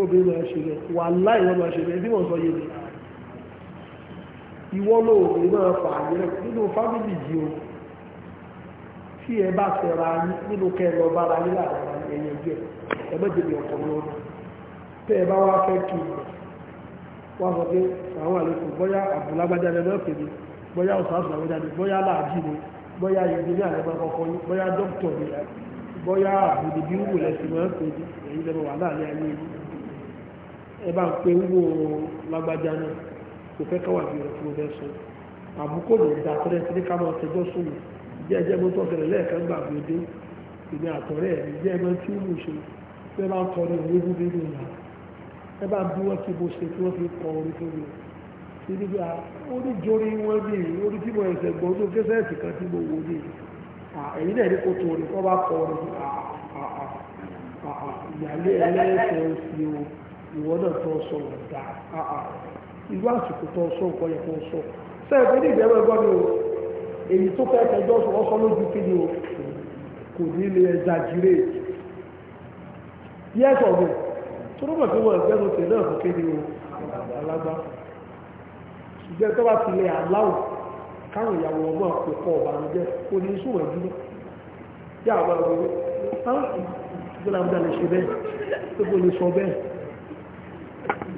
Speaker 1: obìnrin máa ṣe rẹ̀ wà láì wọ́n máa ṣe rẹ̀ bí wọ́n sọ yé mi ìwọ́ ló obìnrin máa fà á yẹrẹ nínú fámìlì yìí o tí ẹ bá fẹ́ra nínú kẹrọ bára yín láàrin ẹ̀yẹ jẹ́ ẹ mẹ́jẹ̀lẹ̀ ọ̀pọ̀ lọ́dún tẹ́ ẹ bá wá fẹ́ kí ìgbà wá sọ pé àwọn àlekò bóyá àbúlágbájá ni ẹgbẹ́ òkèlè bóyá ọ̀sán àbúlágbájá ni bóyá láàbí ni bóyá ìgbìmọ̀ àwọn ẹgbẹ́ kọ̀ọ̀kan ni bóyá dókítọ̀ ni bóyá àbùdìbí wù lẹ́sìn mọ́ ẹ̀kọ́ ẹ̀yìn lẹ́nu wà láàrin ayé yìí ẹ bá ń pe ń wo lágbájá náà kò fẹ́ káwà bí rẹ̀ fún ọdẹ sùn àbúkò lè da tẹ́lẹ̀ tí ní ká máa tẹjọ́ sùn mí jẹ́ ẹjẹ́ mọ́tò ọ̀sẹ̀rẹ̀ lẹ́ẹ̀kan gbà bí odé ìní àtọ̀rẹ́ ẹ̀ jẹ́ ẹgbẹ́ tí ó mú ṣe fẹ́ bá tọ́ ní orí bíbí ní ìlà ẹ bá bí wọ́n ti bó ṣe tí wọ́n fi kọ orí tó lè sí níbi oníjórí wọn bí orí tí mo ẹsẹ̀ gbọ́ tó kẹsẹ̀ẹ̀sì kan tí mo wò ní ẹ̀yìn náà ní kò tó orí kọ́ bá kọ orí ìyálé ẹlẹ́sẹ̀ òsì o ìwọ náà tó sọ ọ̀dà àà irú àsìkò tó sọ nǹkan yẹ kó sọ sẹ́yìn pé ní ìjẹ́wọ́ ẹgbọ́n mi o èyí tó fẹ́ kẹjọ́ sọ wọ́n lójú kí ni o kò ní lè ẹja jírè yẹ́ sọ̀rọ̀ tó rọ́mọ̀ tí wọ́n ẹgbẹ́ lóṣèlú náà fún kí ni o alágbá ṣùgbọ́n tó bá ti lè aláwọ̀ káwọn ìyàwó ọmọ àpòpọ̀ ọ̀bànújẹ́ kò ní sùn wọ́n dúró yá àwọn ṣe bẹ́ẹ̀ tó kò lè sọ bẹ́ẹ̀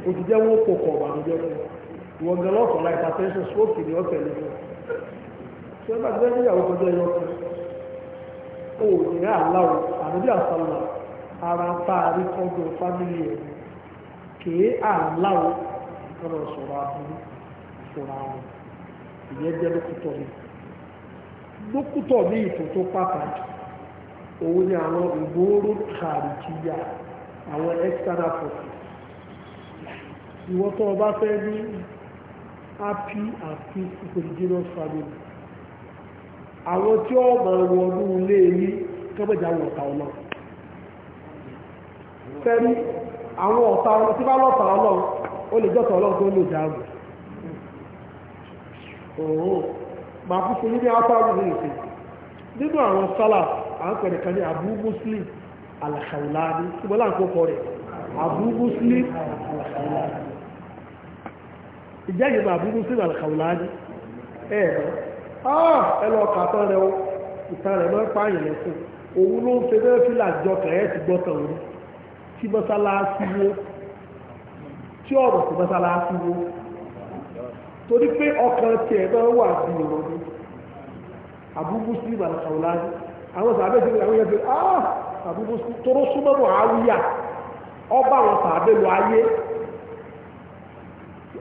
Speaker 1: òtítẹ́ wọn kò kọ̀ ọ̀bànújẹ́ fún wọn gan lọ́kọ̀ láì hypertension stroke ni ọ̀fẹ́ lè fún ṣé bá kọjá ó ní aláwọ̀ àsálà ara tá a rí tọ́jú fámìlì ẹ̀ kèé aláwọ̀ ọ̀rọ̀ sọ̀rọ̀ àbúrú fúnra wọn ìyẹn jẹ́ mi mi pàtàkì òun ni àwọn kàrìkìyà àwọn forces ìwọ tó o bá fẹ́ ní happy and peaceful indigenous family àwọn tí ó mọ̀ wọ ọdún ilé yìí kẹ́gbẹ̀dá wọ̀ ọ̀tá ọlọ́ fẹ́rí àwọn ọ̀tá ọlọ́ tí bá lọ́tà ọlọ́ ó lè jọ́tà ọlọ́ tó lè dáàbò òun máa fún fún ní ápáàrù ní ìsìn nínú àwọn sálà à ń pẹ̀lẹ̀ kan ní Abu Muslim al-Khawlani tí wọ́n láǹkó kọ rẹ̀ Abu Muslim al-Khawlani ìjẹ́gbẹ̀mọ̀ àbúrú sí àlàkàwùláàdì ẹ̀ẹ̀rọ ah, ẹlọ kàtọ́ rẹ o ìtàn rẹ̀ máa ń pààyàn lẹ́sìn òun ló ń ṣe bẹ́ẹ̀ fílà jọ kẹ̀ẹ́ ti gbọ́tàn orí tí mọ́sálásí wo tí ọ̀rọ̀ sí mọ́sálásí wo torí pé ọkàn tiẹ̀ náà wà bí ọ̀rọ̀ ni àbúrú sí àlàkàwùláàdì àwọn sàbẹ̀ ti àwọn yẹn fi àbúrú sí toró súnmọ́ mọ̀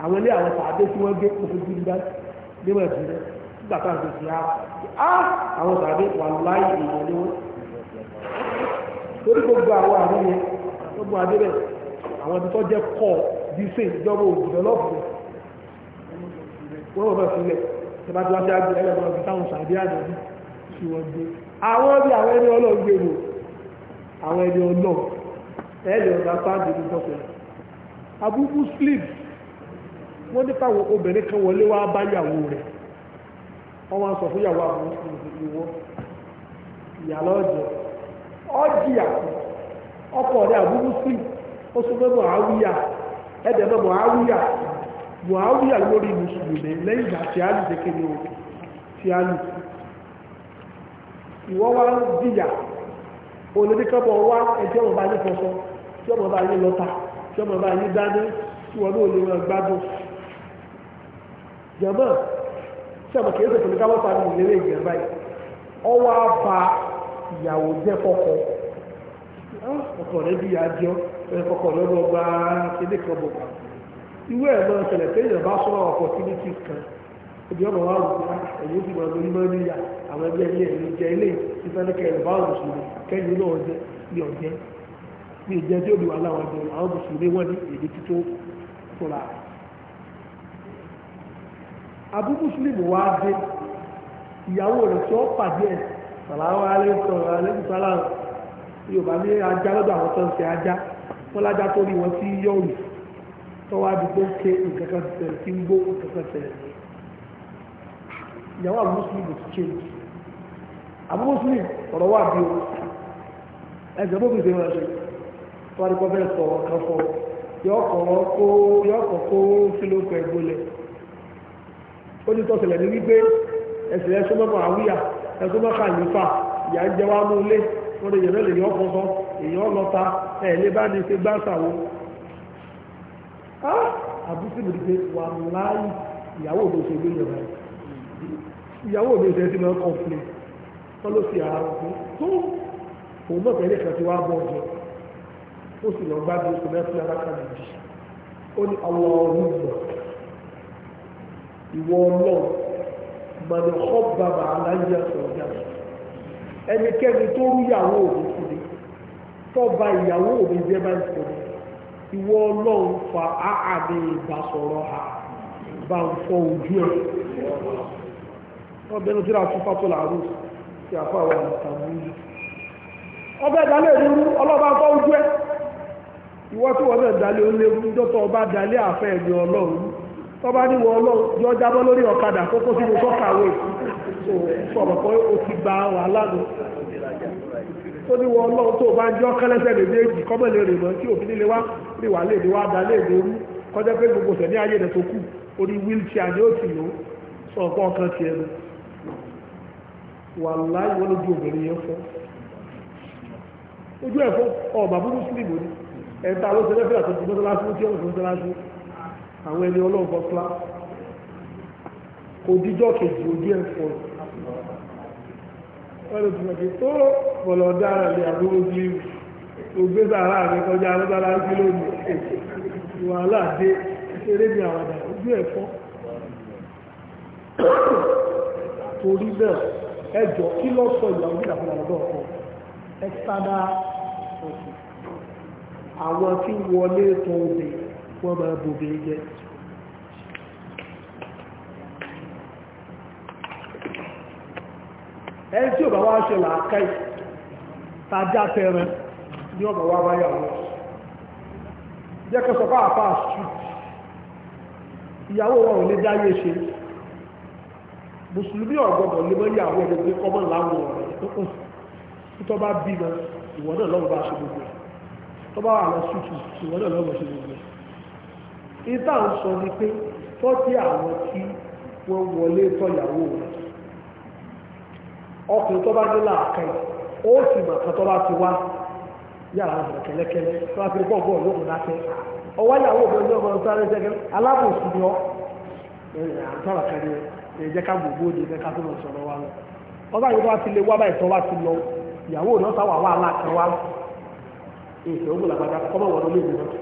Speaker 1: àwọn ilé àwọn sàádé tí wọ́n gé kókó gírí dá ní wọ́n ẹ̀dùn rẹ̀ nígbà tá à ń tó sí ara àwọn sàádé wà láì èèyàn ní wọ́n torí gbogbo àwọn àwọn yẹn gbogbo adébẹ̀ àwọn ibi tó jẹ́ kọ́ bí sè ìjọba òdìdọ́lọ́pù wọ́n bọ̀ sílẹ̀ tí bá tí wọ́n ti àgbẹ̀ ẹ̀rọ ọ̀gbìn táwọn sàádé àdàbí tí wọ́n gbé sleep wọ́n ní káwọn obìnrin kan wọlé wá bá yàwó rẹ̀ wọ́n wá sọ fún yàwó àwọn ìwọ ìyàlọ́ ọ̀jẹ̀ ọ̀jìyà ọkọ rẹ̀ àbúrú sí ó sọ fẹ́ mọ̀háwíyà ẹ̀dẹ̀ mọ̀ mọ̀háwíyà mọ̀háwíyà lórí mùsùlùmí lẹ́yìn ìgbà tí a lù dé kéde òkè tí a lù ìwọ́ wá ń jìyà olùdíkọ́bọ̀ wá ọmọ bá yín fọṣọ tí ọmọ bá yín lọ́ta tí ọmọ bá yín jẹ̀mọ́ sẹ́mọ̀ kìí ṣe fún káwọn sáré ìlérí ìjẹ̀mbá yìí ọwọ́ á ba ìyàwó jẹ́ kọ́kọ́ ọkọ rẹ̀ bí adìọ́ ọkọ rẹ̀ lọ kéde kan ìwé ẹ̀ ṣẹlẹ̀ pé bá sọ́nà ọmọ wa ah, ẹ̀yìn ó máa lórí níyà àwọn ẹgbẹ́ ilé jẹ ilé kẹ́yìn náà ní ọ̀jẹ́ ní ìjẹ́ tí ó bí wà láwọn abu muslim wá dé ìyàwó rẹ̀ tí ó pàdé ẹ̀ sàláwọ́ alẹ́ sọ̀rọ̀ alẹ́ sọ̀rọ̀ yorùbá ní ajá lọ́dọ̀ àwọn tó ń ṣe ajá wọn lájá tó rí wọn tí yọ̀rù tọ́wọ́ àdúgbò ké nǹkan kan tí ń gbó nǹkan kan ìyàwó abu muslim ti change abu muslim ọ̀rọ̀ wà bí o ẹgbẹ́ bó fi ṣe wọn ṣe tọ́wọ́ àdúgbò fẹ́ sọ̀rọ̀ kan fọ́ yọ̀ọ̀kọ̀ kó yọ̀ọ̀kọ̀ ẹ̀gbọ́lẹ̀ ó ní tọ́sẹ̀lẹ̀ ní wípé ẹ̀sìn ẹ̀sùn mọ́ àwíyà ẹ̀sùn mọ́ kàlífà ìyà ń jẹ wá mú ilé wọ́n lè yẹ̀rọ lè yọ ọkọ̀ sọ èèyàn lọ́ta ẹ̀ẹ́lé bá ní ṣe gbá sàwọ́ ah! àbúsí mi pé wà láàyè ìyàwó mi ṣe gbéyàn rẹ̀ ìyàwó mi ṣe ti máa ń kọ̀ọ̀fìlẹ̀ wọ́n ló fi àárọ̀ pé tó òun náà tẹ̀lé kan ti wá bọ̀ jẹ ó sì lọ gbádùn oṣù mẹ́fìlá lákàtà méjì ó ní àwọn ọ̀rùn ìgbà ìwọ ọlọ́run mọ̀nà ọba bàálà yẹ sọ̀rọ̀ ẹnikẹ́ni tó rú ìyàwó òbí fún mi tọ́ba ìyàwó òbí jẹ́ bá ń sọ̀rọ̀ ìwọ ọlọ́run fa àmì ìbásọ̀rọ̀ ha bá ń fọ ojú ẹ̀ ọbẹ̀ lójú ra fún fátó làárù tí a fọ́ àwọn àtàwọn yìí ọbẹ̀ dalẹ̀ lóru ọlọ́ba fọ́ ojú ẹ̀ ìwọ tí wọ́n náà dalẹ̀ ó léwu níjọ́ tó ọba dalẹ̀ àfẹ́ ẹ̀mí ọlọ́run tọ́ba ní wọ́n lọ yọ jábọ́ lórí ọ̀kadà kókó sínú sọ́kàwé tó sọ̀rọ̀ pé o ti gba wàhálà nù tó ní wọ́n lọ tó bá ń jọ́ kẹ́lẹ́sẹ̀ lè méjì kọ́mọ̀lẹ́ rè mọ́ tí òfin nílé wá lè wà lè ní wá da lè ní orú kọjá pé gbogbo sẹ̀ ní ayé rẹ̀ tó kù orí wheelchair ni ó ti lò sọ̀rọ̀ pọ̀ kan tiẹ̀ lọ wàláì wọ́n lójú obìnrin yẹn fọ́ ojú ẹ̀fọ́ ọ̀ bàbá muslim ni ẹ̀ta ló ṣe lẹ́fẹ̀ẹ́ àtọ́jú mọ́tọ́lásí ó ti ọ̀rọ̀ mọ́tọ́lásí àwọn ẹni ọlọ́ọ̀bọ fúlá kò díjọ́ kejì òdí ẹ̀ fọ́ ọlọ́dúnmọ̀kì tó bọ̀lọ̀ dára lè àbúrò bí ògbé sàárà rẹ̀ kọjá alẹ́bára sí lónìí wàhálà dé eré ní àwàdà ojú ẹ̀ fọ́ torí náà ẹjọ́ kí lọ sọ ìyàwó ìdàkúnlá lọ́dọ̀ ọkọ ẹ sádà àwọn tí wọlé tó obìnrin wọ́n máa bòbí jẹ́ ẹni tí ò bá wá ṣe làákàí tàjá tẹran ní ọmọ wá wáyà wọn jẹ́ kí sọ fáà fáà street ìyàwó wọn ò lè dáyé ṣe mùsùlùmí ọ̀gbọ̀gbọ̀ lè mọ́ ìyàwó ẹ̀ lè kọ́mọ̀ láwọn ọ̀rẹ́ tó kùn tó bá bímọ ìwọ náà lọ́wọ́ bá ṣe gbogbo ẹ̀ tó bá ìta ń sọ ni pé tọ́tí àwọn tí wọ́n wọlé tọ́yàwó rẹ̀ ọkùnrin tó bá ní láàkà ó sì mà kan tó bá ti wá yàrá rẹ̀ tó bá ti rí lákẹ́ ọwọ́ sáré alábòsí ni ọ́ àtàrà kan jẹ́ ká gbogbo òde tó lọ sọ̀rọ̀ wa lọ ọba yìí wá ti lé wá báyìí tó wá ti lọ ìyàwó rẹ̀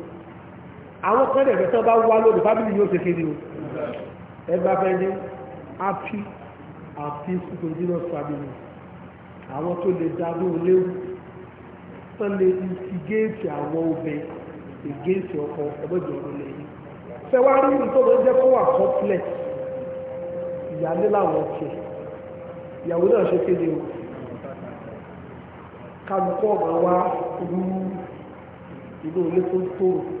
Speaker 1: àwọn kẹ́lẹ̀ ẹ̀fẹ́ tán bá wá lórí fábílì yóò ṣe kéde o ẹgbà fẹ́ ní happy and peaceful continuous family àwọn tó lè darú léwu tán lè instigate àwọn obìnrin against ọkọ ẹgbẹ́jọ ọdún lẹ́yìn fẹ́wárí nítorí jẹ́ kó wà complex ìyálé làwọn tiẹ̀ ìyàwó náà ṣe kéde o kálukọ́ ọ̀gá wa rú inú ilé tó ń tòrò.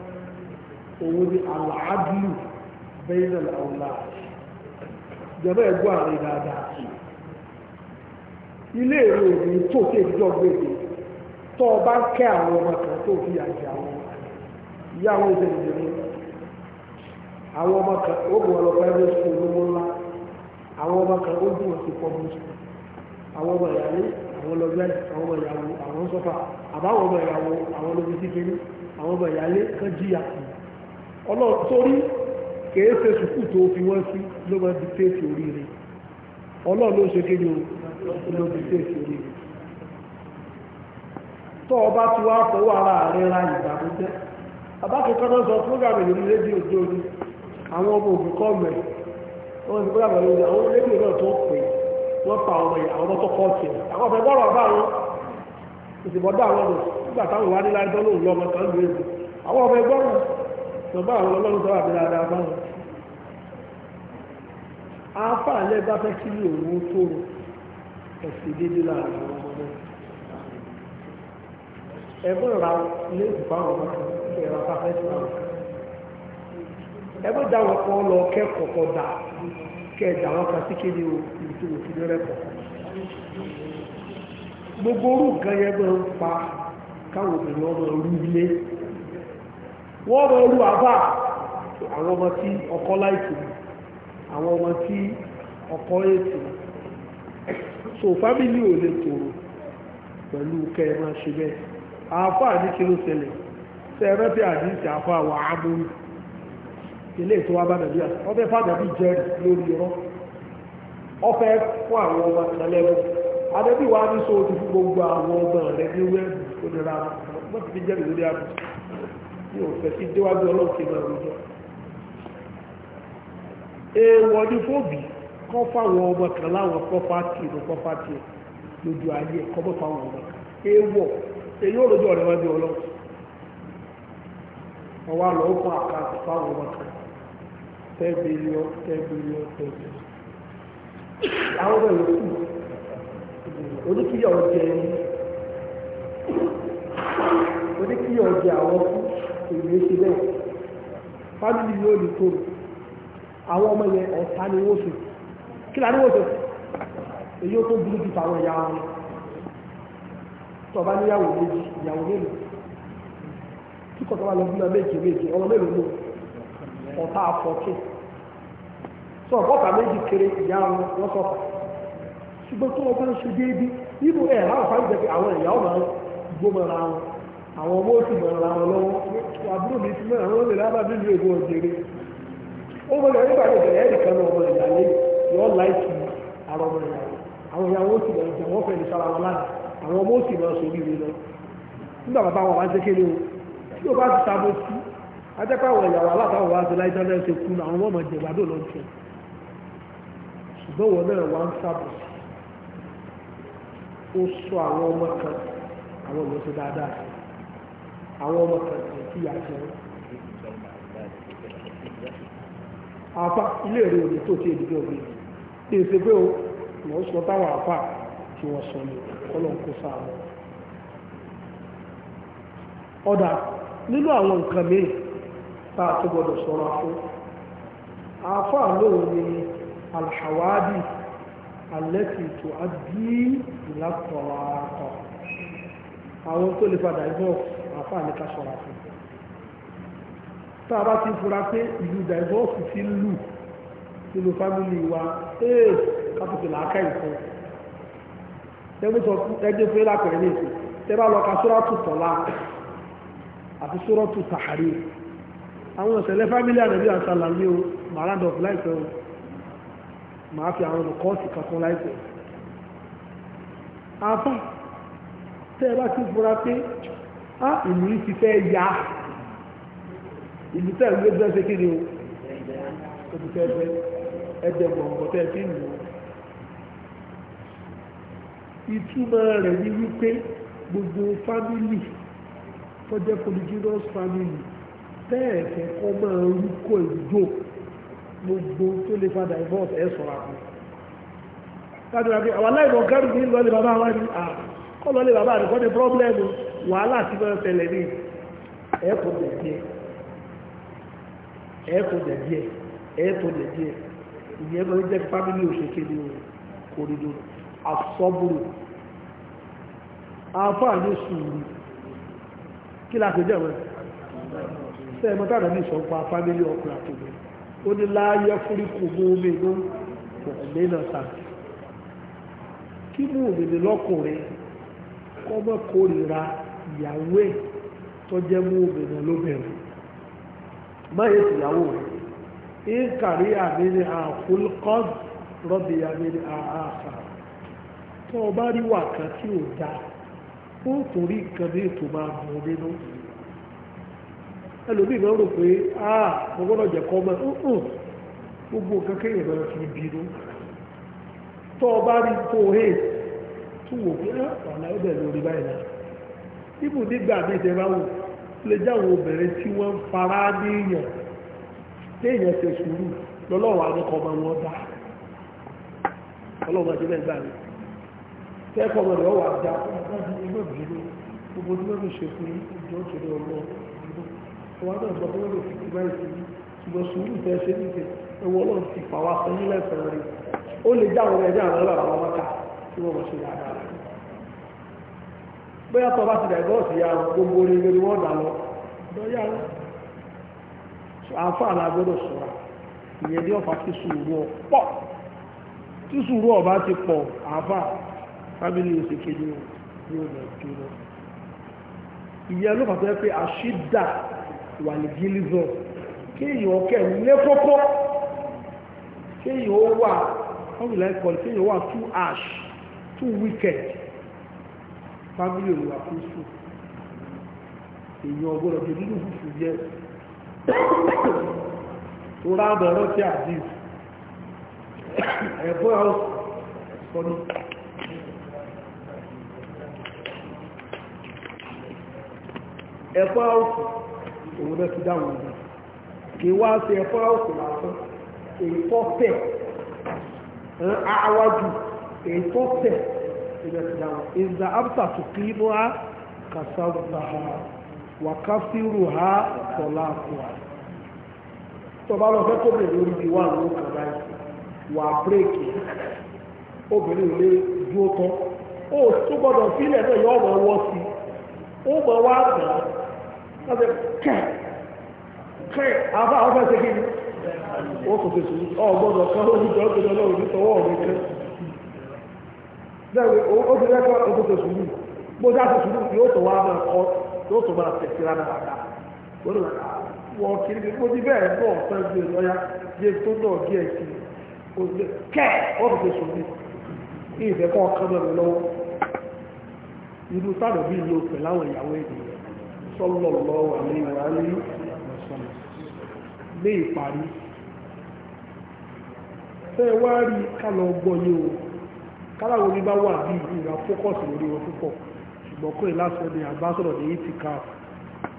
Speaker 1: òun ni àlàádìlù bẹ́yìn àlàọ́lá jẹ́bẹ́ ẹ̀gbọ́ àrẹ dáadáa ilé èrò òní tó tí èdìjọ́ gbèdè tó o bá kẹ́ àwọn ọmọ kan tó fi àjẹ àwọn ìyá àwọn ìṣẹ̀lẹ̀ ìṣẹ̀lẹ̀ àwọn ọmọ kan ó bù wọn lọ private school lówó ńlá àwọn ọmọ ó bù sí public school àwọn ọmọ ìyàwó àwọn lọ́gbẹ́ àwọn ọmọ ìyàwó àwọn sọ́fà àbáwọn ọmọ ìyàwó àwọn lọ́gbẹ́ kékeré àwọn ọmọ ìyàlé kan jíyà ọlọ́run torí kèé tó fi wọ́n sí ló máa di téèkì oríire ọlọ́run dị ṣe kéde ló di téèkì oríire tó o bá ti fọwọ́ ara rẹ ra ìbànújẹ́ abákẹ́kọ̀ọ́ náà sọ rédíò tó ní àwọn ọmọ òbí kọ́ mẹ́ wọ́n ti àwọn rédíò náà tó pè wọ́n pa àwọn tó kọ́ àwọn tọ̀bá àwọn ọlọ́run tọ́wà bí dáadáa bá wọn afa alẹ́ bá fẹ́ kí ní òun tó ẹ̀sìn dédé láàrin àwọn ọmọdé ẹgbẹ́ ra ilé ìfipá àwọn ọmọ kan ẹ̀rọ afáfẹ́ sí àwọn ẹgbẹ́ dáwọn kan lọ kẹ́kọ̀ọ́ kọ dà kẹ́ẹ̀dà wọn kan sí kéde ìtò òfin rẹ̀kọ̀ gbogbo orú nǹkan yẹn máa ń pa káwọn obìnrin ọmọ rú ilé wọ́n rọ orú àbá àwọn ọmọ tí ọkọ láìsí àwọn ọmọ tí ọkọ èsì so fámìlì ò lè tòrò pẹ̀lú kẹrìnà ṣe bẹ́ẹ̀ àáfà ní kí ló ṣẹlẹ̀ ṣe ẹ rántí àdínsì àáfà wà á mú ilé ètò wa bá dàbí àti ọbẹ̀ fàdàbí jẹ́rìí lórí irọ́ ọfẹ́ fún àwọn ọmọ ìtàlẹ́wọ̀ adébíwá ní sóòtú fún gbogbo àwọn ọmọ rẹ̀ ní wẹ́ẹ̀bù onírà wọ́n ti fi jẹ́rìí lórí àbùsùn yóò fẹ́ sí déwájú ọlọ́ọ̀kì náà rújọ́ èèwọ̀ kọ́ fáwọn ọmọ kan láwọn pọ́pátì pọ́pátì lójú ayé fáwọn ọmọ kan èèwọ̀ èyí ò lójú ọ̀rẹ́ ọwọ́ àlọ́ ó fáwọn ọmọ kan àwọn ọmọ àwọn èyí ṣe bẹ́ẹ̀ fámìlì yóò lè tó àwọn ọmọ yẹn ọ̀tá ni wọ́n ṣe kí la ní wọ́n ṣe èyí ó tó burú ju tàwọn ẹ̀yà wọn tọba níyàwó méjì ìyàwó mélòó tí kọ̀tọ́ wà lọ bí wọn méjì méjì ọmọ mélòó ló ọ̀tá àfọ̀kẹ́ sọ ọ̀bọ̀ta méjì kéré ìyá wọn wọ́n sọ̀kọ̀ ṣùgbọ́n tó wọn bá ń ṣe déédéé nínú ẹ̀ láwọn fáwọn ìjẹ́ pé àwọn ẹ̀yà ọ̀nà gbọ́mọ̀ra wọn àwọn ọmọ oṣù mọ̀ràn àwọn lọ́wọ́ àbúrò mi ti mẹ́rin lọ́lẹ̀ lábàbí ìlú èkó ọ̀jẹ̀rẹ̀ ó mọ̀ lẹ́yìn ìgbà yóò bẹ̀rẹ̀ náà ọmọ ìyàlẹ́ yọ láìsí ara ọmọ ìyàwó àwọn ìyàwó oṣù mọ̀ràn ìjà wọ́n fẹ́ẹ́ sára wọn lánàá àwọn ọmọ oṣù mọ̀ràn sórí ìwé na nígbà bàbá wọn bá ṣe kéde o tí o bá ti sí àwọn àwọn ọmọ kẹ̀kẹ́ tí a jẹ́ àfà ilé ìrò òní tó ti èdìdì òní tí èsè pé o wọ́n sọ táwọn àfà tí wọ́n sọ ní ọlọ́nkó sáàmù ọ̀dà nínú àwọn nǹkan míì tá a tó gbọdọ̀ sọ́ra fún àfà lóòrùn ni alhawadi alẹ́tì tó a bí ìlàtọ̀ọ̀tọ̀ àwọn tó lè padà involve àfa àníkà sọ̀rọ̀ fún tá a bá ti fura pé ìlú dàgbọ́ọ̀sì ti ń lù nínú fámìlì wa ee eh, kápẹ́tì làákà ìfún ẹgbẹ́ sọ ẹgbẹ́ fún ẹlẹ́kọ̀ọ́ ní èsì tẹ́ bá lọ ka sóràtù tọ̀lá àti sóràtù tàhárí àwọn ọ̀sẹ̀lẹ̀ fámìlì àdàbí àṣàlà ní o màá ládọ̀ láìpẹ́ o màá fi àwọn olùkọ́ọ̀sì kankan láìpẹ́ àfà tẹ́ ẹ bá ti fura pé á ìlú yìí ti fẹ́ ya ìlú tẹ̀lé ló fẹ́ kí ni o ó ti fẹ́ fẹ́ ẹ̀jẹ̀ gbọ̀ngàn tẹ̀ fi lù ú. ìtumọ̀ rẹ̀ ni wípé gbogbo fámìlì tó jẹ́ polygynous family bẹ́ẹ̀ fẹ́ kọ́ máa rúkọ ìjó gbogbo tó lè fa divorce ẹ̀ sọ̀rọ̀ àpò. kájọra pé àwọn aláìmọ̀ gárùn-ún ní ìlú ọ̀lẹ́ bàbá wa ni àà ah kọ́lọ́ lè bàbá àdìkọ́ ní pọ́blẹ́mù wàhálà tí wọ́n fẹlẹ̀ ní ẹ̀ẹ́kùn dẹ̀díẹ̀ ẹ̀ẹ́kùn dẹ̀díẹ̀ ẹ̀ẹ́kùn dẹ̀díẹ̀ ìyẹn lọ jẹ́ fámílì òṣèké ní kòrìdò àsọ́bùrù àfáà ní sùúrù kí láti jẹ́ wọn sẹ́ẹ̀mọ́ tààdà ní ìṣọ̀pá fámílì ọkùnrin àtòmí ó ní láyé fúríkù mú omi inú ọ̀mẹ́nà tàbí kí mú òmìnir lọ́kùnrin kọ́mọ̀ kórìíra ìyàwó ẹ̀ tó jẹ́ mú obìnrin lóbìnrin báyìí ti ìyàwó rẹ̀ ń kàrí àmì ní àkúlkọ́d rọ́bì àmì ní àáfà tó o bá rí tí ò ó nǹkan ní ètò máa mú nínú ẹlòmíì máa ń rò pé a ah, mo gbọ́dọ̀ jẹ́ gbogbo fi tún wò pé ah, ọ̀nà ẹ̀dẹ̀ lórí báyìí náà ibù nígbà bí ìṣẹ́ bá wò lè jáwọ́ obìnrin tí wọ́n ń fara níyàn léèyàn ṣe sùúrù lọ́lọ́wọ́ akẹ́kọ̀ọ́ ọmọ wọn dá ọlọ́wọ́ ẹ̀jẹ̀ bẹ́ẹ̀ gbà mí
Speaker 2: kẹ́kọ̀ọ́ ọmọ rẹ̀ wà dá
Speaker 1: gbogbo tí wọ́n ṣe fún ìjọ òṣèré ọmọ ọmọ náà gbọ́ fún ọmọ fìtì báyìí sí ṣùgbọ́n sùúrù fẹ́ ṣe níṣẹ́ ẹwọ ọlọ́run ti pàwà sọ nílẹ̀ sọ̀rọ̀ rẹ̀ ó lè jáwọ́ ẹ̀dẹ̀ àwọn ọlọ́run àwọn ọmọ bóyá tó bá ti dàgbọ́ọ̀sì ya gbogbo orin lórí wọ́n dà lọ lọ́yà rẹ̀ àǹfààní agbọ́dọ̀ sọ̀rọ̀ ìyẹn ní ọ̀fà tí sùúrù ọ̀ pọ̀ tí sùúrù ọ̀bá ti pọ̀ àǹfà fábílì òsì kejì yóò lọ jù lọ ìyẹn ló fàtọ́ pé àṣídà wà ní gílízọ̀ kéèyàn ọkẹ́ lẹ́kọ́kọ́ kéèyàn ó wà how will I call it kéèyàn ó wà too harsh too wicked fámílì òwúwà fúsù èyàn ọgbọ́rọ̀ tó nínú fúsù jẹ́ tó ráàbọ̀ ọ̀rọ̀ tí àdìs
Speaker 2: ẹ̀bọ́ ọ̀sọ̀nù
Speaker 1: ẹ̀fọ́ ọ̀sùn òun náà ti dáwọn ọ̀dá kí wá sí ẹ̀fọ́ ọ̀sùn lásán èyí tó tẹ̀ àwájú èyí tó tẹ̀ إذا أبطى ha كسرتها وكفرها طلاقها tọba lọ fẹ́ kóbìnrin lórí bíi wà ló kàn wà bírèkì obìnrin ò lè dúró tán ó tó obere sílẹ̀ náà yọ ọmọ ọwọ́ sí ó mọ wá gbà á láti kẹ kẹ àbá ọfẹ ṣe kí ni ó kò fèsì ọ gbọ́dọ̀ kan ó ní jọ gbọ́dọ̀ lọ́rùn nítorí ọ̀rẹ́ kẹ. bẹ́ẹ̀ ó ti rẹ́kọ̀ ogun tó sùúrù bó dá tó sùúrù yóò tó wá máa kọ́ yóò tó máa tẹ̀sí rárá rárá wọ́n lọ wọ́n kiri bí mo ti bẹ́ẹ̀ bọ̀ ọ̀sán ju ìlọ́yà yé tó náà díẹ̀ sí i kẹ́ ó ti tó sùúrù kí ìfẹ́ kọ́ ọkàn náà mi lọ́wọ́ irú sáàdù bí ìlú òpè káláwo ní bá wà bí ìgbà fókọ̀sì lórí wọn púpọ̀ ṣùgbọ́n kó ìlàsọ ni àbá sọ̀rọ̀ ní itikaf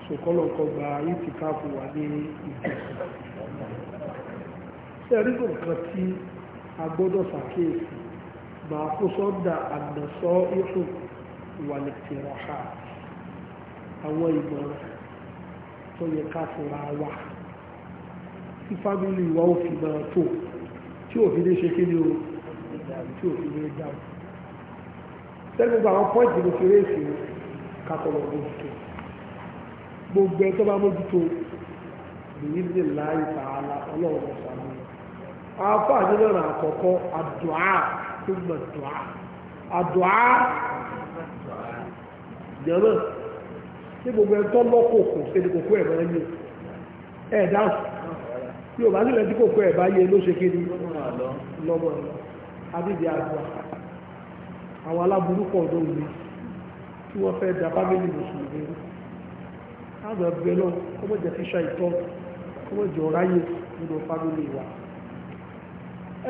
Speaker 1: ṣòkọ́lọ̀ kan gba itikaf wà ní ìjọsìn sẹ́rígò kan tí a gbọ́dọ̀ ṣàkíyèsí máa kó sọ́dà àdàsọ́ ìṣù ìwàlẹ̀tìrọ̀ha àwọn ìmọ̀ràn tó yẹ ká fúnra wa tí fámìlì wa ó fi máa tó tí òfin lè ṣe kí ni o àbí tí òfin lè dáhùn sẹ́ni gbogbo àwọn pọ́ìntì mo fi réèsì kakọ̀lọ̀ mójútó gbogbo ẹ̀ tó bá mójútó lèyí lè láàyè tààlà ọlọ́run ọ̀sán mi àkọ́kọ́ àdùá tó dùá àdùá tí gbogbo ẹ̀ kòkó ẹ̀ yẹ àbíbi àgbà àwọn aláburúkọ ọ̀dọ́ òní tí wọ́n fẹ́ da fámìlì mùsùlùmí rú láàbẹ̀ bẹ́ẹ̀ lọ kọ́mọ̀ jẹ́ fíṣà ìtọ́ kọ́mọ̀ jẹ́ ọ̀ráyè nínú fámìlì wa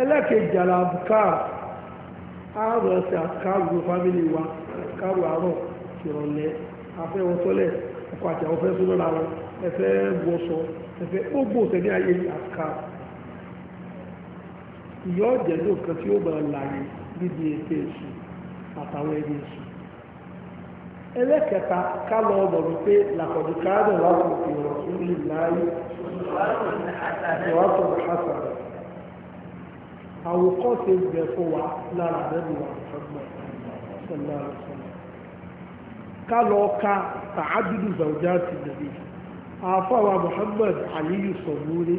Speaker 1: ẹlẹ́kẹ̀ẹ́jì àlàbùkà àárọ̀ ọ̀sẹ̀ àkàrù fámìlì wa àkàrù àárọ̀ ìrọ̀lẹ́ afẹ́wọ́ tọ́lẹ̀ ọkọ̀ àti àwọn fẹ́ sólọ́ra wọn ẹfẹ́ wọ́sọ ẹfẹ́ ó gbòòsẹ̀ ní ayé àkàrù ìyọ́ ìjẹ́lú kan tí ó bá láyé níbi ètò èṣù àtàwọn ẹni èṣù ẹlẹ́kẹta ká lọ ọ̀dọ̀ wípé làkọ̀dù káàdọ̀ wà fún ìwọ̀n tó lè láyé ìwà tó lè hásà rẹ̀ àwòkọ́ ṣe ń bẹ fún wa lára àbẹ́bí wa ọgbọ̀n ká lọ ka tàádùdù zàwùjá ti dàbí àfọwà Muhammad Aliyu sọ̀rọ̀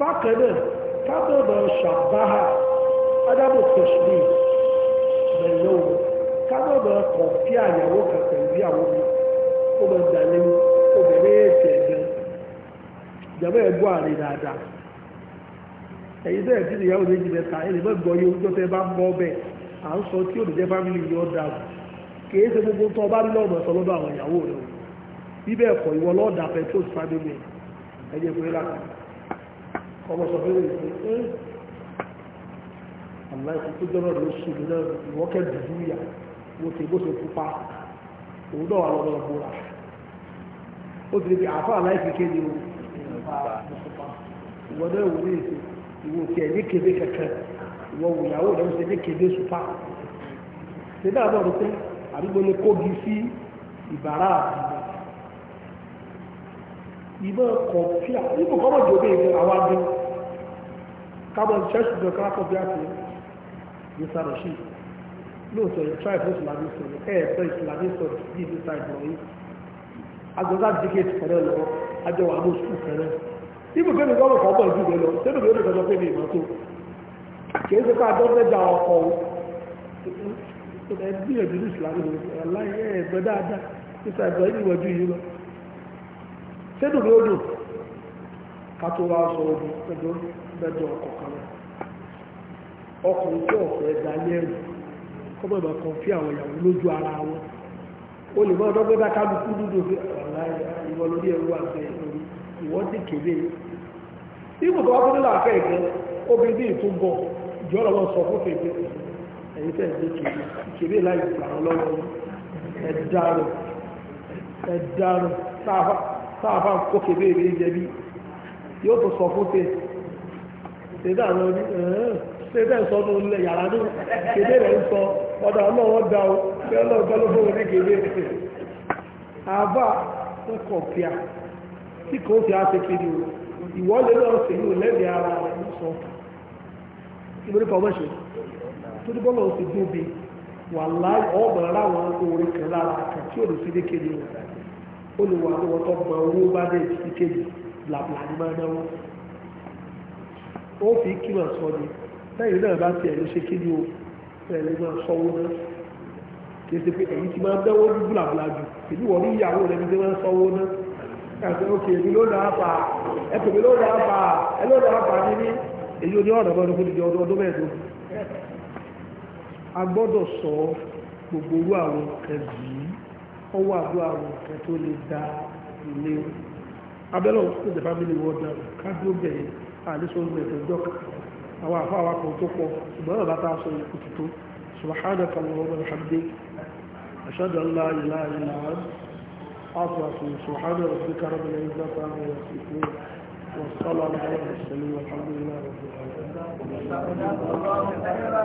Speaker 1: bákan náà kábọ̀dọ̀ ṣàbáhà ádámù tẹ̀sílẹ̀ bẹ̀rẹ̀ òun kábọ̀dọ̀ kọ̀ọ̀pì àyàwó kan pẹ̀lú ìyàwó mi ó obìnrin ètò ẹ̀gbẹ́ ìjọba ẹ̀gbọ́ àrè dada ẹ̀yin tẹ́ tí ìyàwó méjì mẹ́ta ẹ̀ lè mọ́ gbọ́ yóò tó tẹ́ bá bọ́ bẹ́ẹ̀ à ń sọ tí òdìjẹ́ fámìlì yọ dáàbò kìí ṣe gbogbo tó ọ̀nà sọlọ́dọ̀ àwọn ìyàwó rẹ̀ o bíbẹ̀ ẹ̀kọ́ ìwọ lọ́ọ̀dà fámìlì lákàtà ọmọ sọ fún ìwé pé ẹ́ àmà ìkú tó jọ́rọ̀ ló ṣe mí náà ìwọ́kẹ́ dùdú yà mo ti bó ṣe pupa òun náà wà lọ́dọ̀ ọ̀bọ̀ra ó ti di pé àáfàá láìpẹ́ kéde o ìwọ náà wò ní èsì ìwò tí ẹ̀ ní kéde kankan ìwọ wò ìyàwó rẹ̀ ń ṣe ní kéde supa ṣe náà bọ̀ pé àdúgbò ní kógi sí ìbàrá àbúrò ìmọ̀ kọ̀ọ̀fíà nígbà kọ́mọ̀jọ́ bẹ́ẹ̀ àwọn adúlọ́ carbon church to the crack of their team mr rasheed lóòótọ́ yìí try for islamic study ẹ̀ ẹ̀ fẹ́ islamic study yìí ní sáà ìgbọ̀n yìí agbọ̀ngá dìgẹ́tì fẹ́rẹ́ lọ ajọ wà ló sùkúù fẹ́rẹ́ ibùgbé mi gbọ́dọ̀ kọ́ bọ̀ ìlú rẹ lọ sẹ́nu mi ò lè sọ pé mi ìmọ̀ tó kìí ṣe ká dọ́gbẹ́jà ọkọ̀ ẹgbìyànjú ní ìsìlámù ní aláyé ẹgbẹ́ dáadáa nípa ẹgbẹ́ ìwọ̀jú yìí lọ sẹ́nu mi ò dùn ká tó wá sọ ogun ẹgbẹ́ mẹ́jọ ọkọ̀ kan ọkụ ọkùnrin tí ọ̀fẹ́ ẹ̀dá lẹ́rù kọ́mọ̀ ìmọ̀ kan fí àwọn ìyàwó lójú ara wọn o lè mọ́ ọdọ́gbẹ́ bá kálukú dúdú fi ọ̀la ìwọ lórí àgbẹ̀ ìwọ́n ibù tó wá fún nílò ìgbẹ́ obìnrin bí lọ́wọ́ sọ fún ẹ̀yìn ṣèdá àwọn oní ṣèdá ìsọnù ilẹ̀ yàrá ní kéde rẹ̀ ń sọ ọ̀dà ọlọ́wọ́ da o kí ọlọ́wọ́ gbọ́ ló fún oní kéde àbá wọn pìà tí kò fi o náà sì ní ara tó dúpọ́ náà sì dóbi wà láì láwọn orin kan lára kan tí ò lè fi dé kéde o olùwà ni wọ́n tó ó fi kí sọ ni lẹ́yìn náà bá tiẹ̀ ló ṣe kí ni o pẹ̀lú máa sọ́wọ́ náà kì í ṣe pé èyí ti máa bẹ́wọ́ ní búlàbúlà jù ìlú wọn ní ìyàwó rẹ̀ ní ti máa sọ́wọ́ náà kàtẹ́ òkè èmi ló dáa fà ẹ̀tọ́ mi ló dáa fà ẹ ló dáa fà ní ní èyí oní ọ̀nà bọ́ọ̀dọ̀ fún ìdí ọdún ọdún mẹ́ẹ̀ẹ́dógún a gbọ́dọ̀ sọ gbogbo owó àwọn nǹkan yìí ọwọ́ àbúrò àwọn nǹkan tó lè da ilé abẹ́lẹ́ òkú bẹ̀rẹ̀ àdísọ́gbọ̀ ìtọ́jọ́ àwọn àfọ́ àwọn kan tó pọ̀ ṣùgbọ́n bàbá tá a sọ ìkùtù tó subhanaka allahumma wa bihamdik ashhadu an la ilaha illa anta astaghfiruka subhana rabbika rabbil izzati amma yasifun wa salamun ala al-mursalin walhamdulillahi rabbil alamin